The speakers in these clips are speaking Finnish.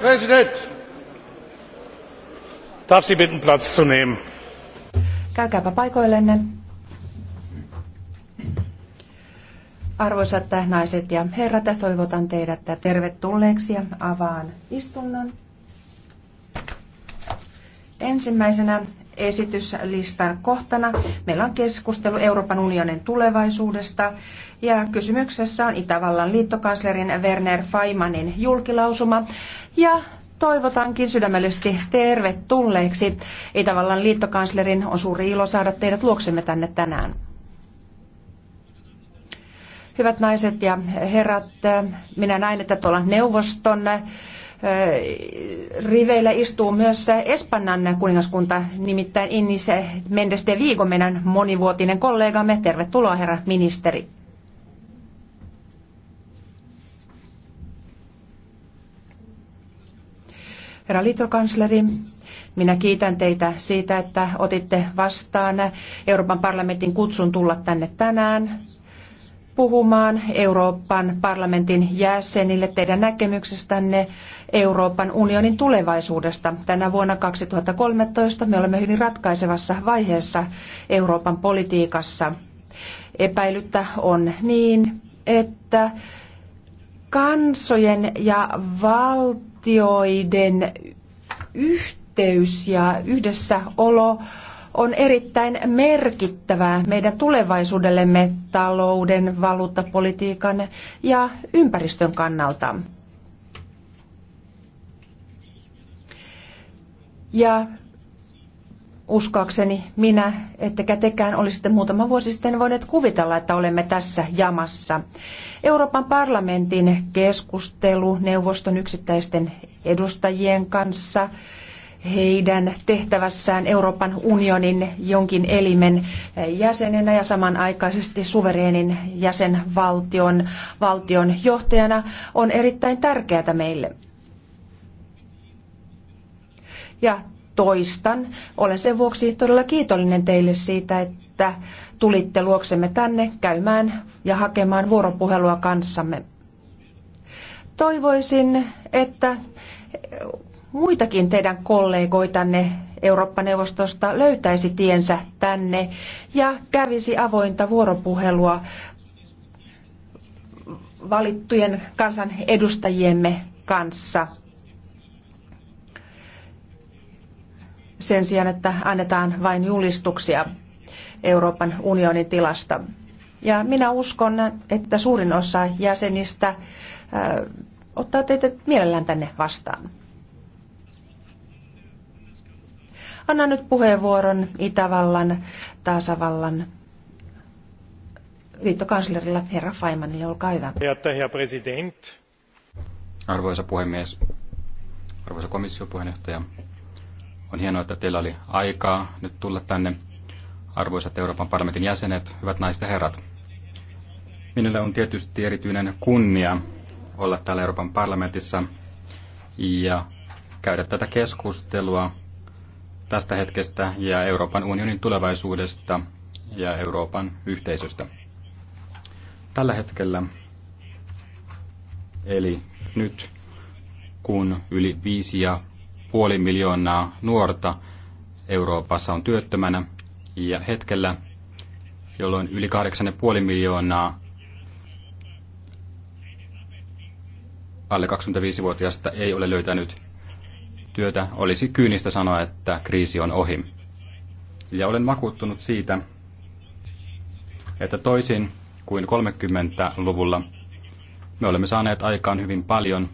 präsident! darf sie bitten platz zu nehmen? käykääpä paikoillenne. Arvoisat naiset ja herrat, toivotan teidät tervetulleeksi ja avaan istunnon. Ensimmäisenä esityslistan kohtana meillä on keskustelu Euroopan unionin tulevaisuudesta ja kysymyksessä on Itävallan liittokanslerin Werner Faimanin julkilausuma ja toivotankin sydämellisesti tervetulleeksi. Itävallan liittokanslerin on suuri ilo saada teidät luoksemme tänne tänään. Hyvät naiset ja herrat, minä näin, että tuolla neuvoston äh, riveillä istuu myös Espanjan kuningaskunta, nimittäin Innis Mendes de Vigo, meidän monivuotinen kollegamme. Tervetuloa herra ministeri. Herra liittokansleri, minä kiitän teitä siitä, että otitte vastaan Euroopan parlamentin kutsun tulla tänne tänään puhumaan Euroopan parlamentin jäsenille teidän näkemyksestänne Euroopan unionin tulevaisuudesta. Tänä vuonna 2013 me olemme hyvin ratkaisevassa vaiheessa Euroopan politiikassa. Epäilyttä on niin, että kansojen ja valtioiden valtioiden yhteys ja yhdessäolo on erittäin merkittävää meidän tulevaisuudellemme talouden, valuuttapolitiikan ja ympäristön kannalta. Ja uskoakseni minä, ettekä tekään olisitte muutama vuosi sitten voineet kuvitella, että olemme tässä jamassa. Euroopan parlamentin keskustelu neuvoston yksittäisten edustajien kanssa heidän tehtävässään Euroopan unionin jonkin elimen jäsenenä ja samanaikaisesti suvereenin jäsenvaltion valtion johtajana on erittäin tärkeää meille. Ja toistan. Olen sen vuoksi todella kiitollinen teille siitä, että tulitte luoksemme tänne käymään ja hakemaan vuoropuhelua kanssamme. Toivoisin, että muitakin teidän kollegoitanne Eurooppa-neuvostosta löytäisi tiensä tänne ja kävisi avointa vuoropuhelua valittujen kansanedustajiemme kanssa – sen sijaan, että annetaan vain julistuksia Euroopan unionin tilasta. Ja minä uskon, että suurin osa jäsenistä äh, ottaa teitä mielellään tänne vastaan. Annan nyt puheenvuoron Itävallan, tasavallan liittokanslerilla herra Faimanille. Niin olkaa hyvä. Arvoisa puhemies, arvoisa komission puheenjohtaja, on hienoa, että teillä oli aikaa nyt tulla tänne, arvoisat Euroopan parlamentin jäsenet, hyvät naiset ja herrat. Minulle on tietysti erityinen kunnia olla täällä Euroopan parlamentissa ja käydä tätä keskustelua tästä hetkestä ja Euroopan unionin tulevaisuudesta ja Euroopan yhteisöstä. Tällä hetkellä, eli nyt kun yli viisi ja puoli miljoonaa nuorta Euroopassa on työttömänä ja hetkellä, jolloin yli 8,5 miljoonaa alle 25-vuotiaista ei ole löytänyt työtä, olisi kyynistä sanoa, että kriisi on ohi. Ja olen vakuuttunut siitä, että toisin kuin 30-luvulla me olemme saaneet aikaan hyvin paljon –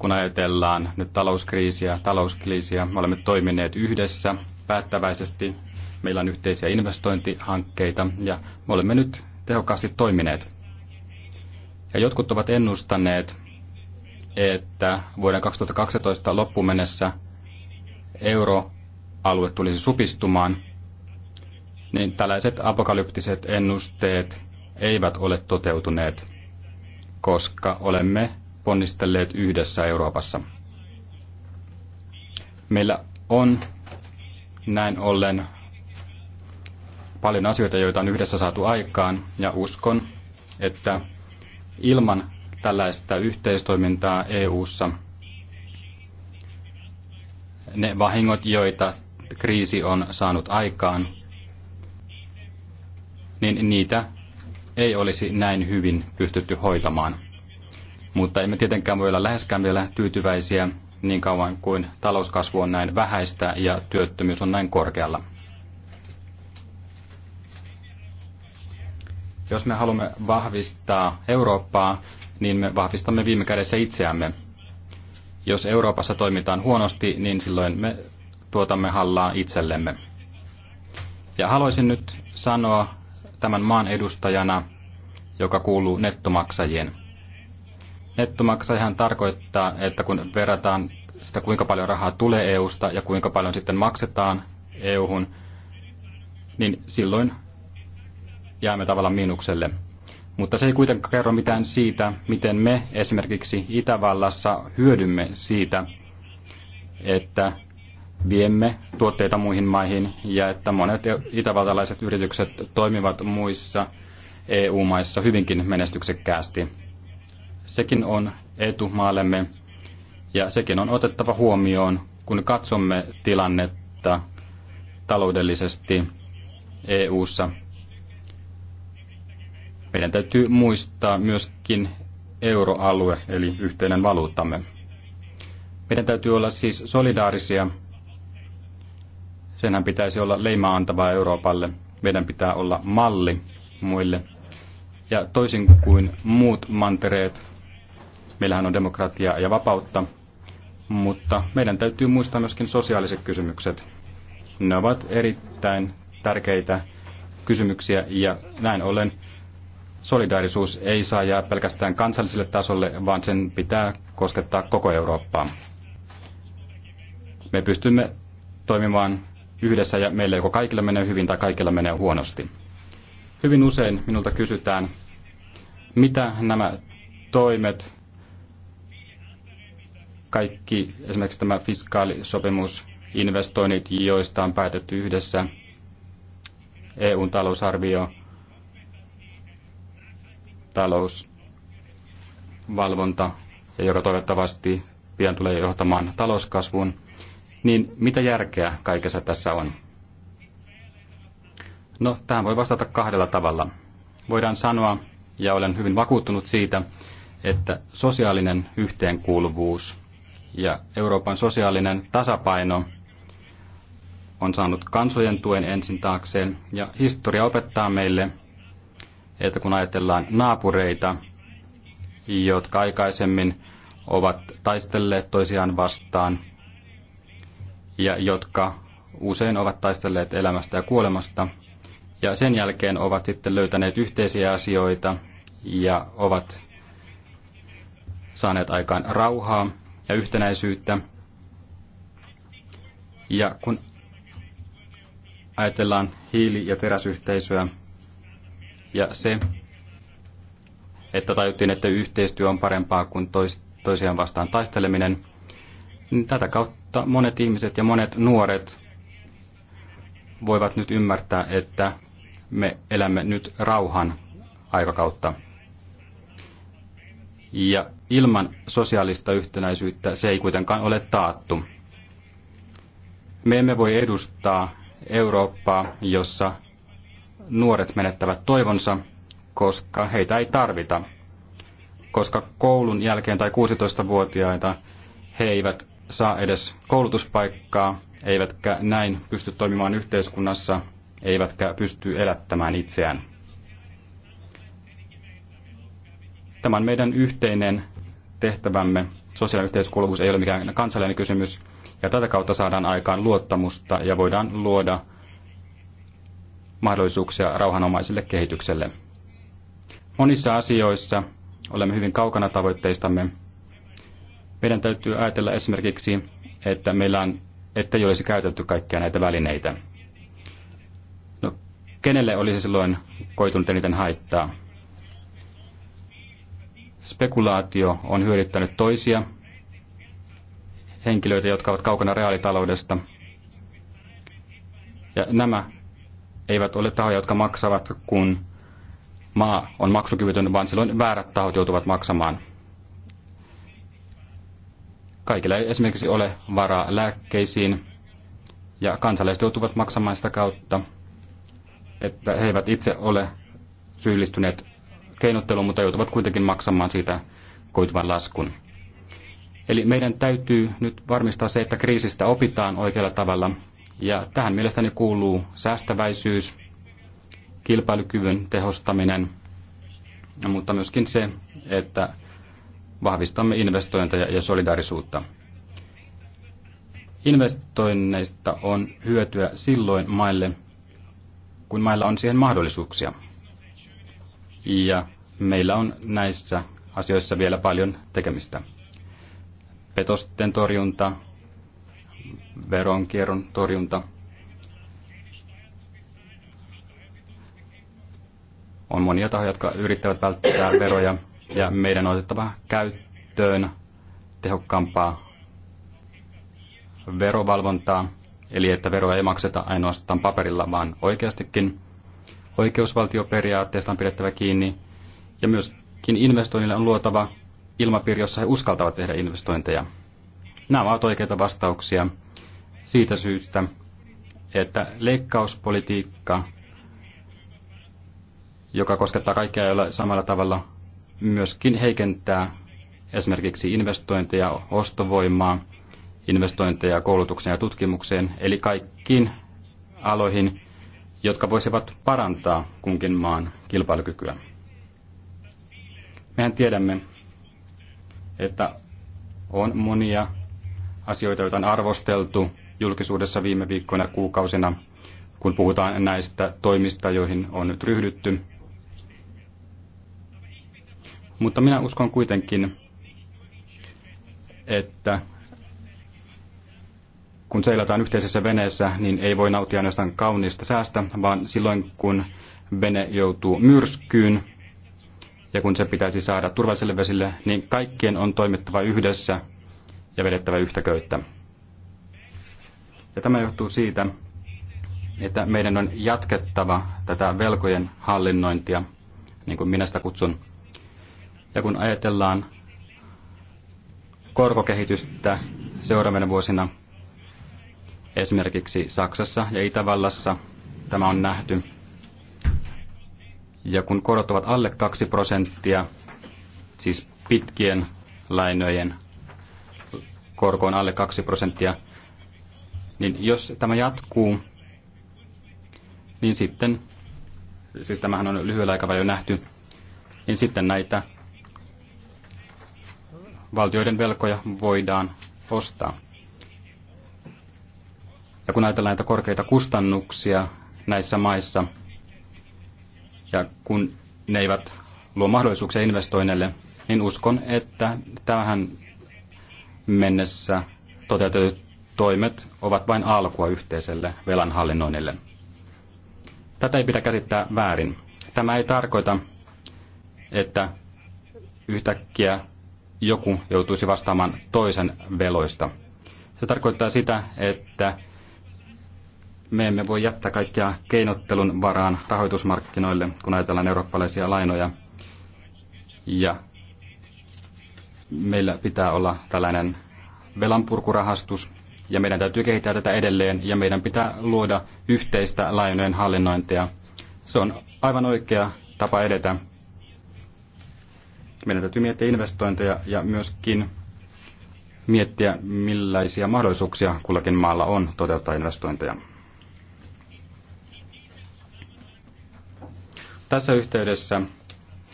kun ajatellaan nyt talouskriisiä, talouskriisiä, me olemme toimineet yhdessä päättäväisesti, meillä on yhteisiä investointihankkeita ja me olemme nyt tehokkaasti toimineet. Ja jotkut ovat ennustaneet, että vuoden 2012 loppuun mennessä euroalue tulisi supistumaan, niin tällaiset apokalyptiset ennusteet eivät ole toteutuneet, koska olemme ponnistelleet yhdessä Euroopassa. Meillä on näin ollen paljon asioita, joita on yhdessä saatu aikaan, ja uskon, että ilman tällaista yhteistoimintaa EU:ssa ne vahingot, joita kriisi on saanut aikaan, niin niitä ei olisi näin hyvin pystytty hoitamaan. Mutta emme tietenkään voi olla läheskään vielä tyytyväisiä niin kauan kuin talouskasvu on näin vähäistä ja työttömyys on näin korkealla. Jos me haluamme vahvistaa Eurooppaa, niin me vahvistamme viime kädessä itseämme. Jos Euroopassa toimitaan huonosti, niin silloin me tuotamme hallaa itsellemme. Ja haluaisin nyt sanoa tämän maan edustajana, joka kuuluu nettomaksajien. Nettomaksajahan tarkoittaa, että kun verrataan sitä, kuinka paljon rahaa tulee EUsta ja kuinka paljon sitten maksetaan EUhun, niin silloin jäämme tavallaan miinukselle. Mutta se ei kuitenkaan kerro mitään siitä, miten me esimerkiksi Itävallassa hyödymme siitä, että viemme tuotteita muihin maihin ja että monet itävaltalaiset yritykset toimivat muissa EU-maissa hyvinkin menestyksekkäästi. Sekin on etu maallemme ja sekin on otettava huomioon, kun katsomme tilannetta taloudellisesti EU:ssa. Meidän täytyy muistaa myöskin euroalue eli yhteinen valuuttamme. Meidän täytyy olla siis solidaarisia. Senhän pitäisi olla leimaa antavaa Euroopalle. Meidän pitää olla malli muille. Ja toisin kuin muut mantereet, Meillähän on demokratiaa ja vapautta, mutta meidän täytyy muistaa myöskin sosiaaliset kysymykset. Ne ovat erittäin tärkeitä kysymyksiä ja näin ollen solidaarisuus ei saa jää pelkästään kansalliselle tasolle, vaan sen pitää koskettaa koko Eurooppaa. Me pystymme toimimaan yhdessä ja meillä joko kaikilla menee hyvin tai kaikilla menee huonosti. Hyvin usein minulta kysytään, mitä nämä toimet kaikki esimerkiksi tämä fiskaalisopimus, investoinnit, joista on päätetty yhdessä, eu talousarvio, talousvalvonta, ja joka toivottavasti pian tulee johtamaan talouskasvuun, niin mitä järkeä kaikessa tässä on? No, tähän voi vastata kahdella tavalla. Voidaan sanoa, ja olen hyvin vakuuttunut siitä, että sosiaalinen yhteenkuuluvuus ja Euroopan sosiaalinen tasapaino on saanut kansojen tuen ensin taakseen. Ja historia opettaa meille, että kun ajatellaan naapureita, jotka aikaisemmin ovat taistelleet toisiaan vastaan ja jotka usein ovat taistelleet elämästä ja kuolemasta, ja sen jälkeen ovat sitten löytäneet yhteisiä asioita ja ovat saaneet aikaan rauhaa ja yhtenäisyyttä. Ja kun ajatellaan hiili- ja teräsyhteisöä ja se, että tajuttiin, että yhteistyö on parempaa kuin tois, toisiaan vastaan taisteleminen, niin tätä kautta monet ihmiset ja monet nuoret voivat nyt ymmärtää, että me elämme nyt rauhan aikakautta. Ja Ilman sosiaalista yhtenäisyyttä se ei kuitenkaan ole taattu. Me emme voi edustaa Eurooppaa, jossa nuoret menettävät toivonsa, koska heitä ei tarvita. Koska koulun jälkeen tai 16-vuotiaita he eivät saa edes koulutuspaikkaa, eivätkä näin pysty toimimaan yhteiskunnassa, eivätkä pysty elättämään itseään. Tämä on meidän yhteinen tehtävämme. Sosiaalinen yhteiskuuluvuus ei ole mikään kansallinen kysymys, ja tätä kautta saadaan aikaan luottamusta ja voidaan luoda mahdollisuuksia rauhanomaiselle kehitykselle. Monissa asioissa olemme hyvin kaukana tavoitteistamme. Meidän täytyy ajatella esimerkiksi, että meillä on, ei olisi käytetty kaikkia näitä välineitä. No, kenelle olisi silloin koitunut eniten haittaa? spekulaatio on hyödyttänyt toisia henkilöitä, jotka ovat kaukana reaalitaloudesta. Ja nämä eivät ole tahoja, jotka maksavat, kun maa on maksukyvytön, vaan silloin väärät tahot joutuvat maksamaan. Kaikilla ei esimerkiksi ole varaa lääkkeisiin, ja kansalaiset joutuvat maksamaan sitä kautta, että he eivät itse ole syyllistyneet keinottelu, mutta joutuvat kuitenkin maksamaan siitä koituvan laskun. Eli meidän täytyy nyt varmistaa se, että kriisistä opitaan oikealla tavalla. Ja tähän mielestäni kuuluu säästäväisyys, kilpailukyvyn tehostaminen, mutta myöskin se, että vahvistamme investointeja ja solidaarisuutta. Investoinneista on hyötyä silloin maille, kun mailla on siihen mahdollisuuksia ja meillä on näissä asioissa vielä paljon tekemistä. Petosten torjunta, veronkierron torjunta on monia tahoja, jotka yrittävät välttää veroja ja meidän on otettava käyttöön tehokkaampaa verovalvontaa, eli että veroja ei makseta ainoastaan paperilla, vaan oikeastikin – Oikeusvaltioperiaatteesta on pidettävä kiinni ja myöskin investoinnille on luotava ilmapiiri, jossa he uskaltavat tehdä investointeja. Nämä ovat oikeita vastauksia siitä syystä, että leikkauspolitiikka, joka koskettaa kaikkia joilla samalla tavalla, myöskin heikentää esimerkiksi investointeja, ostovoimaa, investointeja koulutukseen ja tutkimukseen, eli kaikkiin aloihin, jotka voisivat parantaa kunkin maan kilpailukykyä. Mehän tiedämme, että on monia asioita, joita on arvosteltu julkisuudessa viime viikkoina kuukausina, kun puhutaan näistä toimista, joihin on nyt ryhdytty. Mutta minä uskon kuitenkin, että kun seilataan yhteisessä veneessä, niin ei voi nauttia ainoastaan kaunista säästä, vaan silloin kun vene joutuu myrskyyn ja kun se pitäisi saada turvalliselle vesille, niin kaikkien on toimittava yhdessä ja vedettävä yhtä köyttä. Ja tämä johtuu siitä, että meidän on jatkettava tätä velkojen hallinnointia, niin kuin minä sitä kutsun. Ja kun ajatellaan korkokehitystä seuraavina vuosina, Esimerkiksi Saksassa ja Itävallassa tämä on nähty. Ja kun korot ovat alle 2 prosenttia, siis pitkien lainojen korko on alle 2 prosenttia, niin jos tämä jatkuu, niin sitten, siis tämähän on lyhyellä aikavälillä nähty, niin sitten näitä valtioiden velkoja voidaan ostaa. Ja kun ajatellaan näitä korkeita kustannuksia näissä maissa, ja kun ne eivät luo mahdollisuuksia investoinneille, niin uskon, että tähän mennessä toteutetut toimet ovat vain alkua yhteiselle velanhallinnoinnille. Tätä ei pidä käsittää väärin. Tämä ei tarkoita, että yhtäkkiä joku joutuisi vastaamaan toisen veloista. Se tarkoittaa sitä, että me emme voi jättää kaikkia keinottelun varaan rahoitusmarkkinoille, kun ajatellaan eurooppalaisia lainoja. Ja meillä pitää olla tällainen velanpurkurahastus, ja meidän täytyy kehittää tätä edelleen, ja meidän pitää luoda yhteistä lainojen hallinnointia. Se on aivan oikea tapa edetä. Meidän täytyy miettiä investointeja ja myöskin miettiä, millaisia mahdollisuuksia kullakin maalla on toteuttaa investointeja. Tässä yhteydessä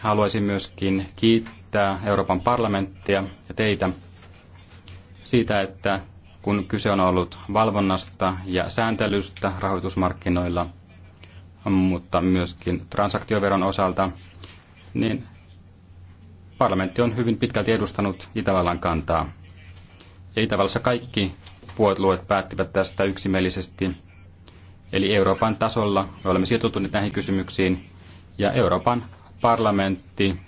haluaisin myöskin kiittää Euroopan parlamenttia ja teitä siitä, että kun kyse on ollut valvonnasta ja sääntelystä rahoitusmarkkinoilla, mutta myöskin transaktioveron osalta, niin parlamentti on hyvin pitkälti edustanut Itävallan kantaa. Ja Itävallassa kaikki puolueet päättivät tästä yksimielisesti. Eli Euroopan tasolla me olemme sitoutuneet näihin kysymyksiin ja Euroopan parlamentti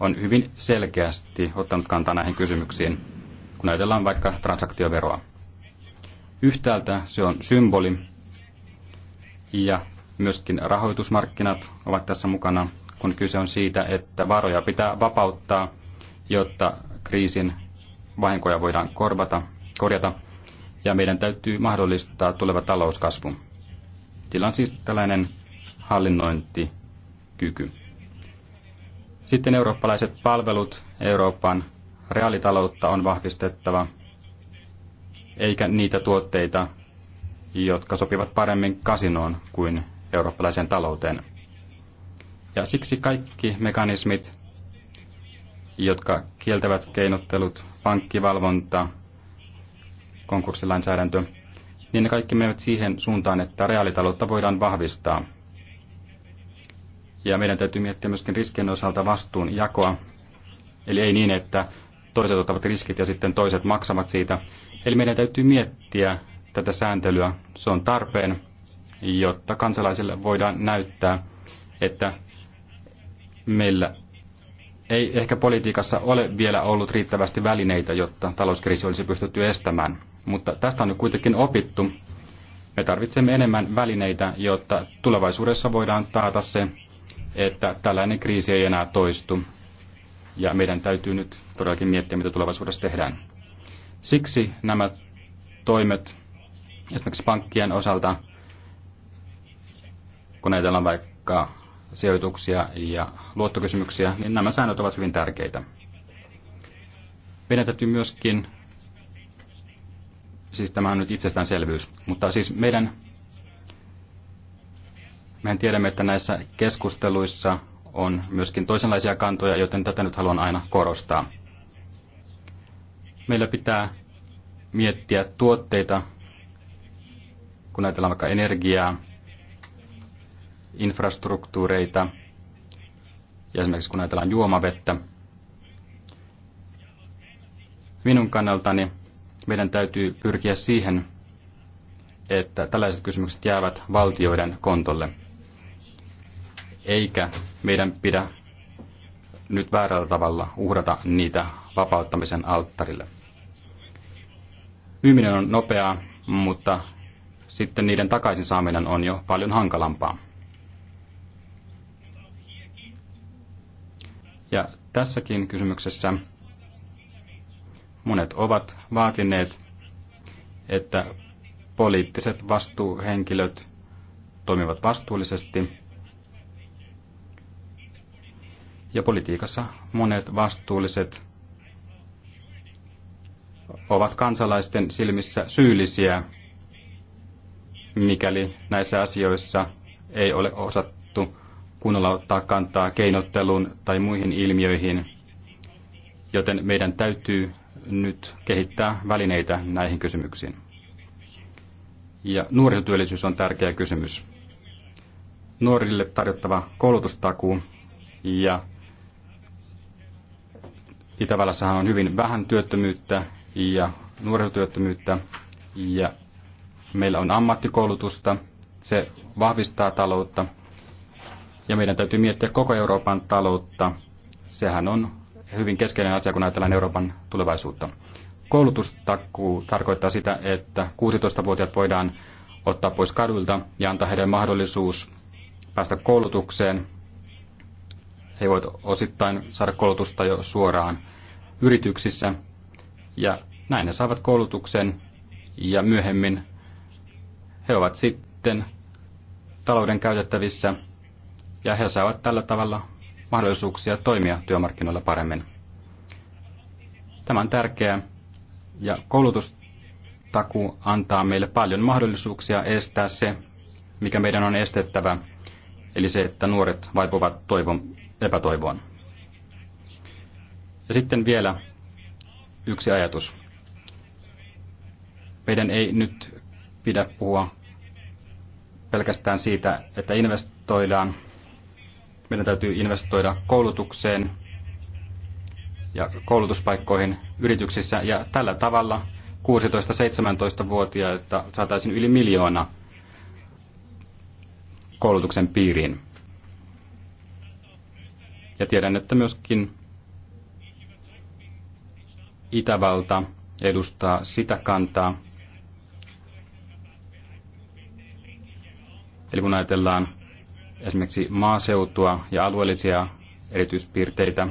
on hyvin selkeästi ottanut kantaa näihin kysymyksiin, kun ajatellaan vaikka transaktioveroa. Yhtäältä se on symboli ja myöskin rahoitusmarkkinat ovat tässä mukana, kun kyse on siitä, että varoja pitää vapauttaa, jotta kriisin vahinkoja voidaan korvata, korjata ja meidän täytyy mahdollistaa tuleva talouskasvu. Tilan siis tällainen hallinnointi kyky. Sitten eurooppalaiset palvelut, Euroopan reaalitaloutta on vahvistettava, eikä niitä tuotteita, jotka sopivat paremmin kasinoon kuin eurooppalaiseen talouteen. Ja siksi kaikki mekanismit, jotka kieltävät keinottelut, pankkivalvonta, konkurssilainsäädäntö, niin ne kaikki menevät siihen suuntaan, että reaalitaloutta voidaan vahvistaa – ja meidän täytyy miettiä myöskin riskien osalta vastuun jakoa. Eli ei niin, että toiset ottavat riskit ja sitten toiset maksavat siitä. Eli meidän täytyy miettiä tätä sääntelyä. Se on tarpeen, jotta kansalaisille voidaan näyttää, että meillä ei ehkä politiikassa ole vielä ollut riittävästi välineitä, jotta talouskriisi olisi pystytty estämään. Mutta tästä on nyt kuitenkin opittu. Me tarvitsemme enemmän välineitä, jotta tulevaisuudessa voidaan taata se, että tällainen kriisi ei enää toistu. Ja meidän täytyy nyt todellakin miettiä, mitä tulevaisuudessa tehdään. Siksi nämä toimet, esimerkiksi pankkien osalta, kun ajatellaan vaikka sijoituksia ja luottokysymyksiä, niin nämä säännöt ovat hyvin tärkeitä. Meidän täytyy myöskin, siis tämä on nyt itsestäänselvyys, mutta siis meidän Mehän tiedämme, että näissä keskusteluissa on myöskin toisenlaisia kantoja, joten tätä nyt haluan aina korostaa. Meillä pitää miettiä tuotteita, kun ajatellaan vaikka energiaa, infrastruktuureita ja esimerkiksi kun ajatellaan juomavettä. Minun kannaltani meidän täytyy pyrkiä siihen, että tällaiset kysymykset jäävät valtioiden kontolle eikä meidän pidä nyt väärällä tavalla uhrata niitä vapauttamisen alttarille. Myyminen on nopeaa, mutta sitten niiden takaisin saaminen on jo paljon hankalampaa. Ja tässäkin kysymyksessä monet ovat vaatineet, että poliittiset vastuuhenkilöt toimivat vastuullisesti Ja politiikassa monet vastuulliset ovat kansalaisten silmissä syyllisiä, mikäli näissä asioissa ei ole osattu kunnolla ottaa kantaa keinotteluun tai muihin ilmiöihin, joten meidän täytyy nyt kehittää välineitä näihin kysymyksiin. Ja nuorisotyöllisyys on tärkeä kysymys. Nuorille tarjottava koulutustakuu ja Itävallassahan on hyvin vähän työttömyyttä ja nuorisotyöttömyyttä ja meillä on ammattikoulutusta, se vahvistaa taloutta ja meidän täytyy miettiä koko Euroopan taloutta. Sehän on hyvin keskeinen asia, kun ajatellaan Euroopan tulevaisuutta. Koulutustakuu tarkoittaa sitä, että 16-vuotiaat voidaan ottaa pois kaduilta ja antaa heidän mahdollisuus päästä koulutukseen he voivat osittain saada koulutusta jo suoraan yrityksissä ja näin ne saavat koulutuksen ja myöhemmin he ovat sitten talouden käytettävissä ja he saavat tällä tavalla mahdollisuuksia toimia työmarkkinoilla paremmin. Tämä on tärkeää ja koulutustakuu antaa meille paljon mahdollisuuksia estää se, mikä meidän on estettävä, eli se, että nuoret vaipuvat toivon epätoivoon. Ja sitten vielä yksi ajatus. Meidän ei nyt pidä puhua pelkästään siitä, että investoidaan. Meidän täytyy investoida koulutukseen ja koulutuspaikkoihin yrityksissä. Ja tällä tavalla 16 17 vuotiaita saataisiin yli miljoona koulutuksen piiriin. Ja tiedän, että myöskin Itävalta edustaa sitä kantaa. Eli kun ajatellaan esimerkiksi maaseutua ja alueellisia erityispiirteitä,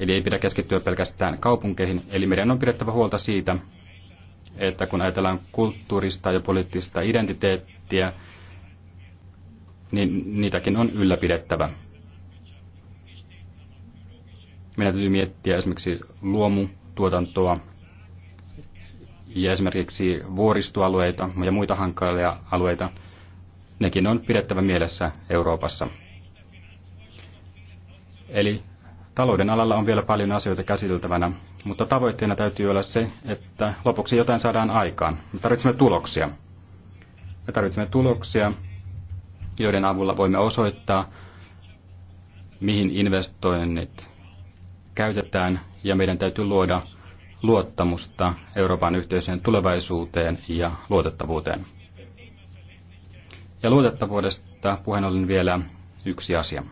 Eli ei pidä keskittyä pelkästään kaupunkeihin. Eli meidän on pidettävä huolta siitä, että kun ajatellaan kulttuurista ja poliittista identiteettiä niin niitäkin on ylläpidettävä. Meidän täytyy miettiä esimerkiksi luomutuotantoa ja esimerkiksi vuoristoalueita ja muita hankalia alueita. Nekin on pidettävä mielessä Euroopassa. Eli talouden alalla on vielä paljon asioita käsiteltävänä, mutta tavoitteena täytyy olla se, että lopuksi jotain saadaan aikaan. Me tarvitsemme tuloksia. Me tarvitsemme tuloksia joiden avulla voimme osoittaa, mihin investoinnit käytetään, ja meidän täytyy luoda luottamusta Euroopan yhteiseen tulevaisuuteen ja luotettavuuteen. Ja luotettavuudesta puheen ollen vielä yksi asia.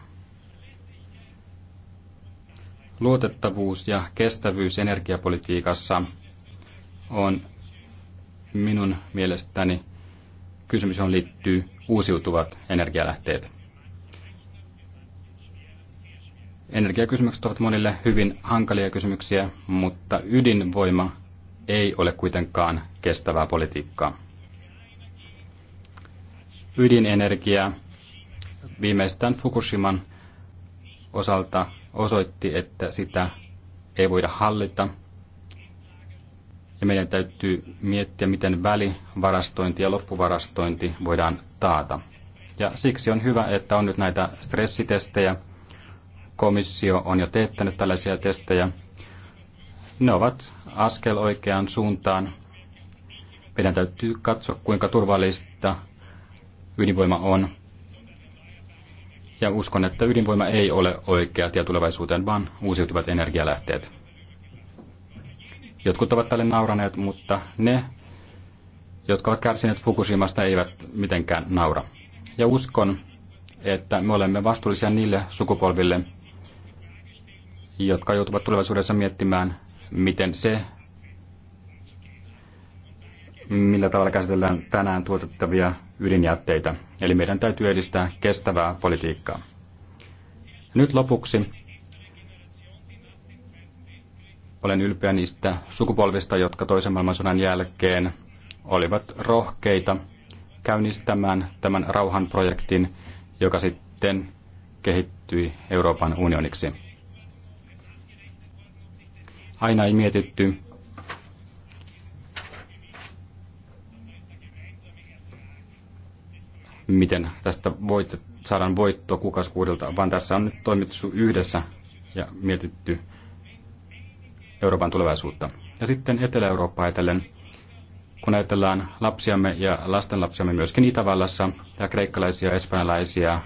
Luotettavuus ja kestävyys energiapolitiikassa on minun mielestäni kysymys, johon liittyy uusiutuvat energialähteet. Energiakysymykset ovat monille hyvin hankalia kysymyksiä, mutta ydinvoima ei ole kuitenkaan kestävää politiikkaa. Ydinenergia viimeistään Fukushiman osalta osoitti, että sitä ei voida hallita – ja meidän täytyy miettiä, miten välivarastointi ja loppuvarastointi voidaan taata. Ja siksi on hyvä, että on nyt näitä stressitestejä. Komissio on jo teettänyt tällaisia testejä. Ne ovat askel oikeaan suuntaan. Meidän täytyy katsoa, kuinka turvallista ydinvoima on. Ja uskon, että ydinvoima ei ole oikea tie tulevaisuuteen, vaan uusiutuvat energialähteet. Jotkut ovat tälle nauraneet, mutta ne, jotka ovat kärsineet Fukushimasta, eivät mitenkään naura. Ja uskon, että me olemme vastuullisia niille sukupolville, jotka joutuvat tulevaisuudessa miettimään, miten se, millä tavalla käsitellään tänään tuotettavia ydinjätteitä. Eli meidän täytyy edistää kestävää politiikkaa. Nyt lopuksi olen ylpeä niistä sukupolvista, jotka toisen maailmansodan jälkeen olivat rohkeita käynnistämään tämän rauhanprojektin, joka sitten kehittyi Euroopan unioniksi. Aina ei mietitty, miten tästä voit, saadaan voittoa kuudelta, vaan tässä on nyt toimittu yhdessä ja mietitty Euroopan tulevaisuutta. Ja sitten etelä eurooppa ajatellen, kun ajatellaan lapsiamme ja lastenlapsiamme myöskin Itävallassa ja kreikkalaisia ja espanjalaisia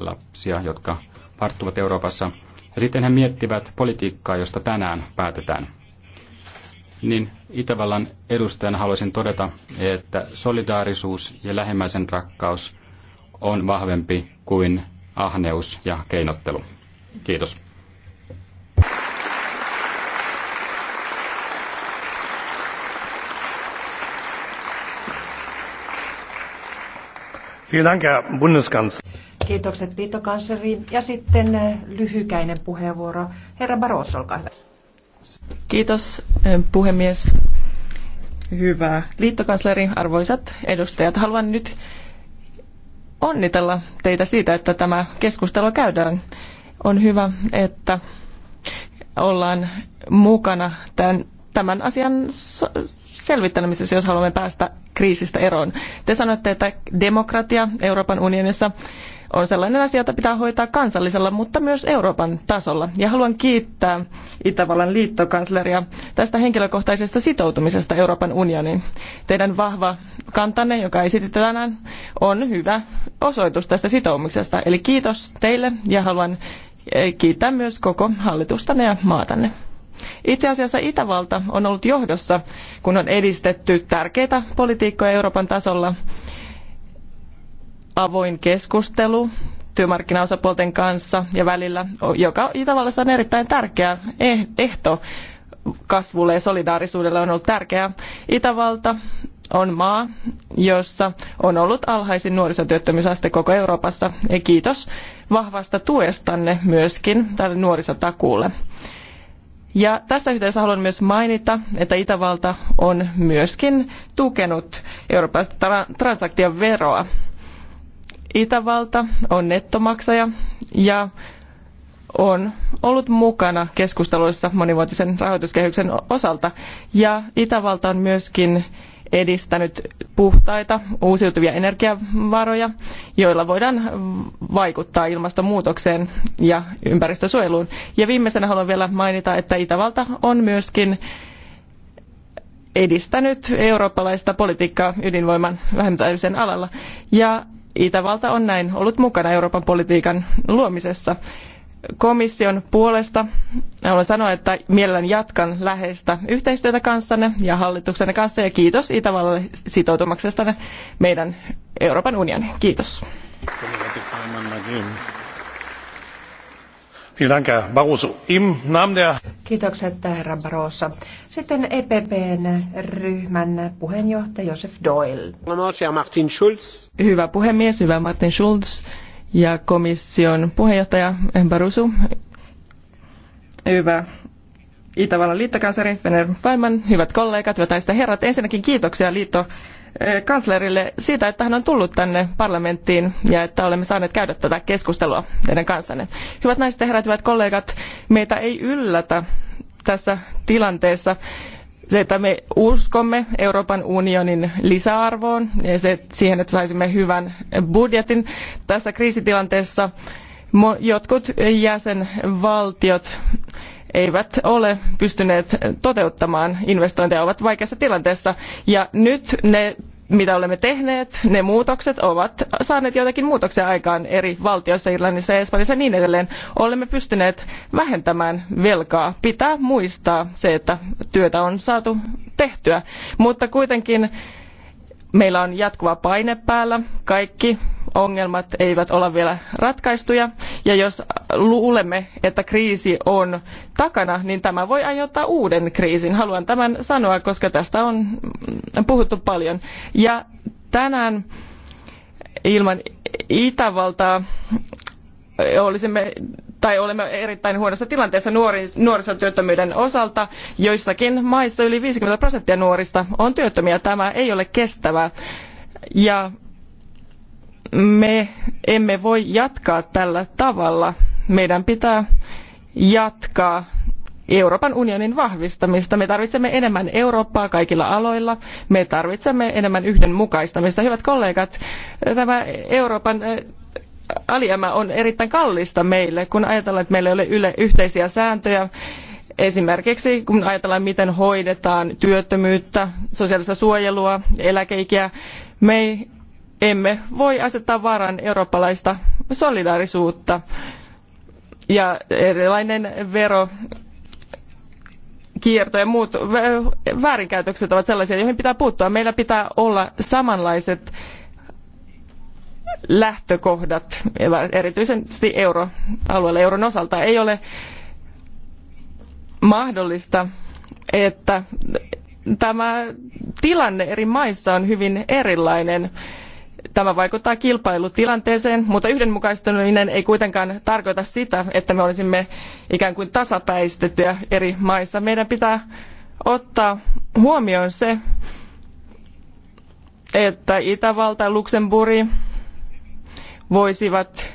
lapsia, jotka varttuvat Euroopassa, ja sitten he miettivät politiikkaa, josta tänään päätetään. Niin Itävallan edustajana haluaisin todeta, että solidaarisuus ja lähimmäisen rakkaus on vahvempi kuin ahneus ja keinottelu. Kiitos. Kiitokset liittokansleri Ja sitten eh, lyhykäinen puheenvuoro. Herra Barroso, olkaa hyvä. Kiitos eh, puhemies. Hyvä liittokansleri, arvoisat edustajat. Haluan nyt onnitella teitä siitä, että tämä keskustelu käydään. On hyvä, että ollaan mukana tämän, tämän asian selvittelemisessä, jos haluamme päästä kriisistä eroon. Te sanoitte, että demokratia Euroopan unionissa on sellainen asia, jota pitää hoitaa kansallisella, mutta myös Euroopan tasolla. Ja haluan kiittää Itävallan liittokansleria tästä henkilökohtaisesta sitoutumisesta Euroopan unioniin. Teidän vahva kantanne, joka esititte tänään, on hyvä osoitus tästä sitoumuksesta. Eli kiitos teille ja haluan eh, kiittää myös koko hallitustanne ja maatanne. Itse asiassa Itävalta on ollut johdossa, kun on edistetty tärkeitä politiikkoja Euroopan tasolla. Avoin keskustelu työmarkkinaosapuolten kanssa ja välillä, joka Itävallassa on erittäin tärkeä eh- ehto kasvulle ja solidaarisuudelle on ollut tärkeää. Itävalta on maa, jossa on ollut alhaisin nuorisotyöttömyysaste koko Euroopassa. Ja kiitos vahvasta tuestanne myöskin tälle nuorisotakuulle. Ja tässä yhteydessä haluan myös mainita, että Itävalta on myöskin tukenut eurooppalaista tra- transaktioveroa. Itävalta on nettomaksaja ja on ollut mukana keskusteluissa monivuotisen rahoituskehyksen osalta. Ja Itävalta on myöskin edistänyt puhtaita uusiutuvia energiavaroja, joilla voidaan vaikuttaa ilmastonmuutokseen ja ympäristösuojeluun. Ja viimeisenä haluan vielä mainita, että Itävalta on myöskin edistänyt eurooppalaista politiikkaa ydinvoiman vähentämisen alalla. Ja Itävalta on näin ollut mukana Euroopan politiikan luomisessa komission puolesta haluan sanoa, että mielelläni jatkan läheistä yhteistyötä kanssanne ja hallituksenne kanssa ja kiitos Itävallalle sitoutumaksestanne meidän Euroopan unioniin. Kiitos. Kiitokset herra Barroso. Sitten EPPn ryhmän puheenjohtaja Josef Doyle. Hyvä puhemies, hyvä Martin Schulz ja komission puheenjohtaja Barroso, Hyvä. Itävallan liittokansleri Fener Feynman, hyvät kollegat, hyvät naiset ja herrat, ensinnäkin kiitoksia liitto eh, kanslerille siitä, että hän on tullut tänne parlamenttiin ja että olemme saaneet käydä tätä keskustelua teidän kanssanne. Hyvät naiset ja herrat, hyvät kollegat, meitä ei yllätä tässä tilanteessa, se, että me uskomme Euroopan unionin lisäarvoon ja se, siihen, että saisimme hyvän budjetin tässä kriisitilanteessa. Jotkut jäsenvaltiot eivät ole pystyneet toteuttamaan investointeja, ovat vaikeassa tilanteessa. Ja nyt ne mitä olemme tehneet, ne muutokset ovat saaneet joitakin muutoksia aikaan eri valtioissa, Irlannissa, Espanjassa ja niin edelleen. Olemme pystyneet vähentämään velkaa. Pitää muistaa se, että työtä on saatu tehtyä, mutta kuitenkin meillä on jatkuva paine päällä. Kaikki ongelmat eivät ole vielä ratkaistuja. Ja jos luulemme, että kriisi on takana, niin tämä voi aiheuttaa uuden kriisin. Haluan tämän sanoa, koska tästä on mm, puhuttu paljon. Ja tänään ilman Itävaltaa olisimme tai olemme erittäin huonossa tilanteessa nuorisotyöttömyyden osalta. Joissakin maissa yli 50 prosenttia nuorista on työttömiä. Tämä ei ole kestävää. Ja me emme voi jatkaa tällä tavalla. Meidän pitää jatkaa Euroopan unionin vahvistamista. Me tarvitsemme enemmän Eurooppaa kaikilla aloilla. Me tarvitsemme enemmän yhdenmukaistamista. Hyvät kollegat, tämä Euroopan alijäämä on erittäin kallista meille, kun ajatellaan, että meillä ei ole yhteisiä sääntöjä. Esimerkiksi kun ajatellaan, miten hoidetaan työttömyyttä, sosiaalista suojelua, eläkeikiä, me emme voi asettaa vaaran eurooppalaista solidaarisuutta. Ja erilainen vero kierto ja muut väärinkäytökset ovat sellaisia, joihin pitää puuttua. Meillä pitää olla samanlaiset lähtökohdat, erityisesti euroalueella euron osalta. Ei ole mahdollista, että tämä tilanne eri maissa on hyvin erilainen. Tämä vaikuttaa kilpailutilanteeseen, mutta yhdenmukaistaminen ei kuitenkaan tarkoita sitä, että me olisimme ikään kuin tasapäistettyjä eri maissa. Meidän pitää ottaa huomioon se, että Itävalta ja Luxemburg voisivat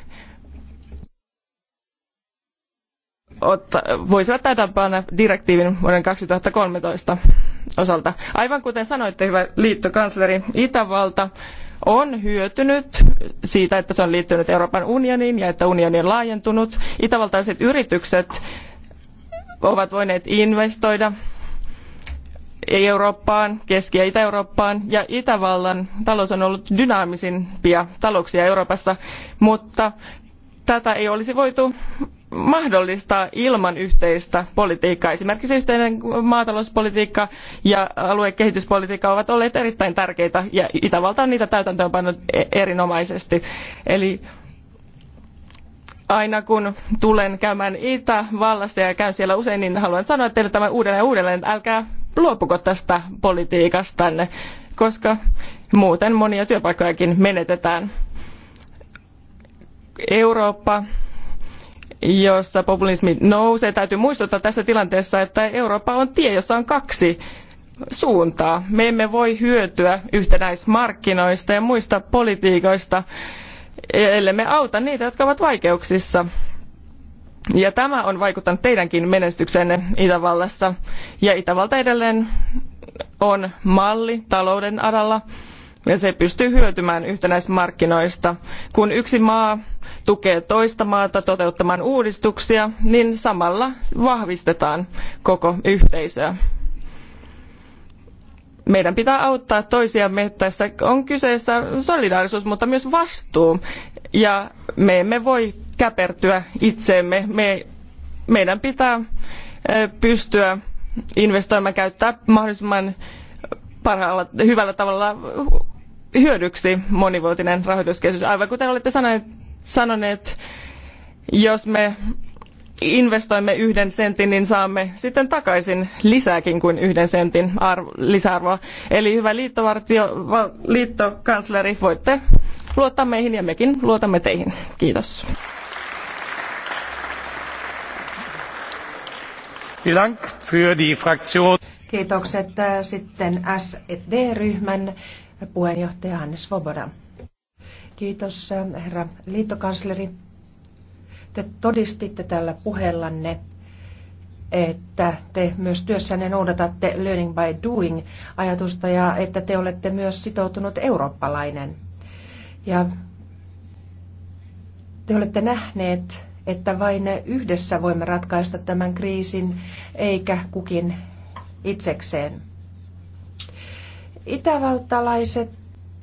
otta, voisivat täytäntöönpanna direktiivin vuoden 2013 osalta. Aivan kuten sanoitte, hyvä liittokansleri, Itävalta on hyötynyt siitä, että se on liittynyt Euroopan unioniin ja että unioni on laajentunut. Itävaltaiset yritykset ovat voineet investoida Eurooppaan, Keski- ja Itä-Eurooppaan, ja Itävallan talous on ollut dynaamisimpia talouksia Euroopassa, mutta tätä ei olisi voitu mahdollista ilman yhteistä politiikkaa. Esimerkiksi yhteinen maatalouspolitiikka ja aluekehityspolitiikka ovat olleet erittäin tärkeitä ja Itävalta on niitä täytäntöönpannut e- erinomaisesti. Eli aina kun tulen käymään Itävallassa ja käyn siellä usein, niin haluan sanoa teille tämän uudelleen ja uudelleen, että älkää luopuko tästä politiikastanne, koska muuten monia työpaikkojakin menetetään. Eurooppa jossa populismi nousee. Täytyy muistuttaa tässä tilanteessa, että Eurooppa on tie, jossa on kaksi suuntaa. Me emme voi hyötyä yhtenäismarkkinoista ja muista politiikoista, ellei me auta niitä, jotka ovat vaikeuksissa. Ja tämä on vaikuttanut teidänkin menestykseenne Itävallassa. Ja Itävalta edelleen on malli talouden alalla ja se pystyy hyötymään yhtenäismarkkinoista. Kun yksi maa tukee toista maata toteuttamaan uudistuksia, niin samalla vahvistetaan koko yhteisöä. Meidän pitää auttaa toisiamme. Tässä on kyseessä solidaarisuus, mutta myös vastuu. Ja me emme voi käpertyä itseemme. Me, meidän pitää pystyä investoimaan käyttää mahdollisimman parhaalla, hyvällä tavalla hyödyksi monivuotinen rahoituskehys. Aivan kuten olette sanoneet, sanoneet, jos me investoimme yhden sentin, niin saamme sitten takaisin lisääkin kuin yhden sentin arvo, lisäarvoa. Eli hyvä liittovartio, liittokansleri, voitte luottaa meihin ja mekin luotamme teihin. Kiitos. Kiitokset äh, sitten SD-ryhmän puheenjohtaja Hannes Svoboda. Kiitos, äh, herra liittokansleri. Te todistitte tällä puheellanne, että te myös työssänne noudatatte learning by doing ajatusta ja että te olette myös sitoutunut eurooppalainen. Ja te olette nähneet, että vain yhdessä voimme ratkaista tämän kriisin, eikä kukin itsekseen. Itävaltalaiset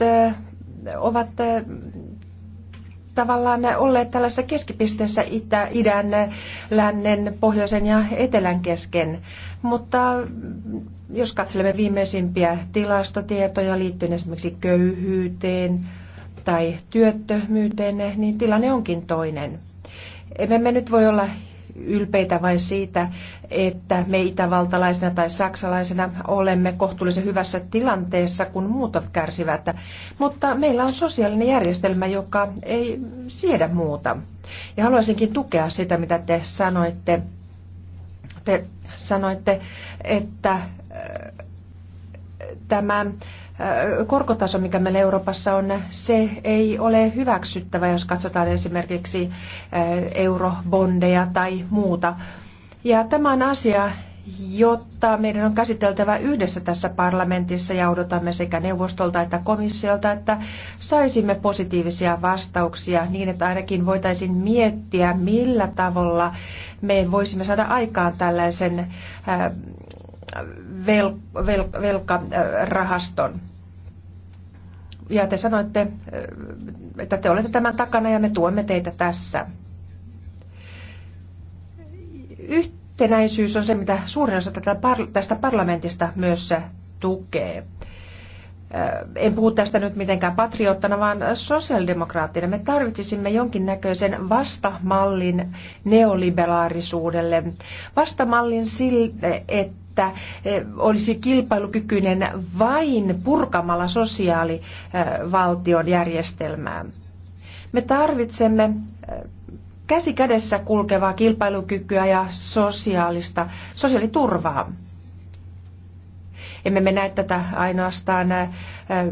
äh, ovat eh, tavallaan olleet tällaisessa keskipisteessä itä, idän, lännen, pohjoisen ja etelän kesken. Mutta jos katselemme viimeisimpiä tilastotietoja liittyen esimerkiksi köyhyyteen tai työttömyyteen, niin tilanne onkin toinen. Emme me nyt voi olla ylpeitä vain siitä, että me itävaltalaisina tai saksalaisina olemme kohtuullisen hyvässä tilanteessa, kun muut kärsivät. Mutta meillä on sosiaalinen järjestelmä, joka ei siedä muuta. Ja haluaisinkin tukea sitä, mitä te sanoitte. Te sanoitte, että äh, tämä korkotaso, mikä meillä Euroopassa on, se ei ole hyväksyttävä, jos katsotaan esimerkiksi eurobondeja tai muuta. Ja tämä on asia, jotta meidän on käsiteltävä yhdessä tässä parlamentissa ja odotamme sekä neuvostolta että komissiolta, että saisimme positiivisia vastauksia niin, että ainakin voitaisiin miettiä, millä tavalla me voisimme saada aikaan tällaisen vel, vel, velkarahaston. Ja te sanoitte, että te olette tämän takana ja me tuemme teitä tässä. Yhtenäisyys on se, mitä suurin osa tästä parlamentista myös tukee äh, en puhu tästä nyt mitenkään patriottana, vaan sosiaalidemokraattina. Me tarvitsisimme jonkinnäköisen vastamallin neoliberaarisuudelle. vastamallin sille, että että eh, olisi kilpailukykyinen vain purkamalla sosiaalivaltion eh, järjestelmää. Me tarvitsemme eh, käsi kädessä kulkevaa kilpailukykyä ja sosiaalista, sosiaaliturvaa. Emme me näe tätä ainoastaan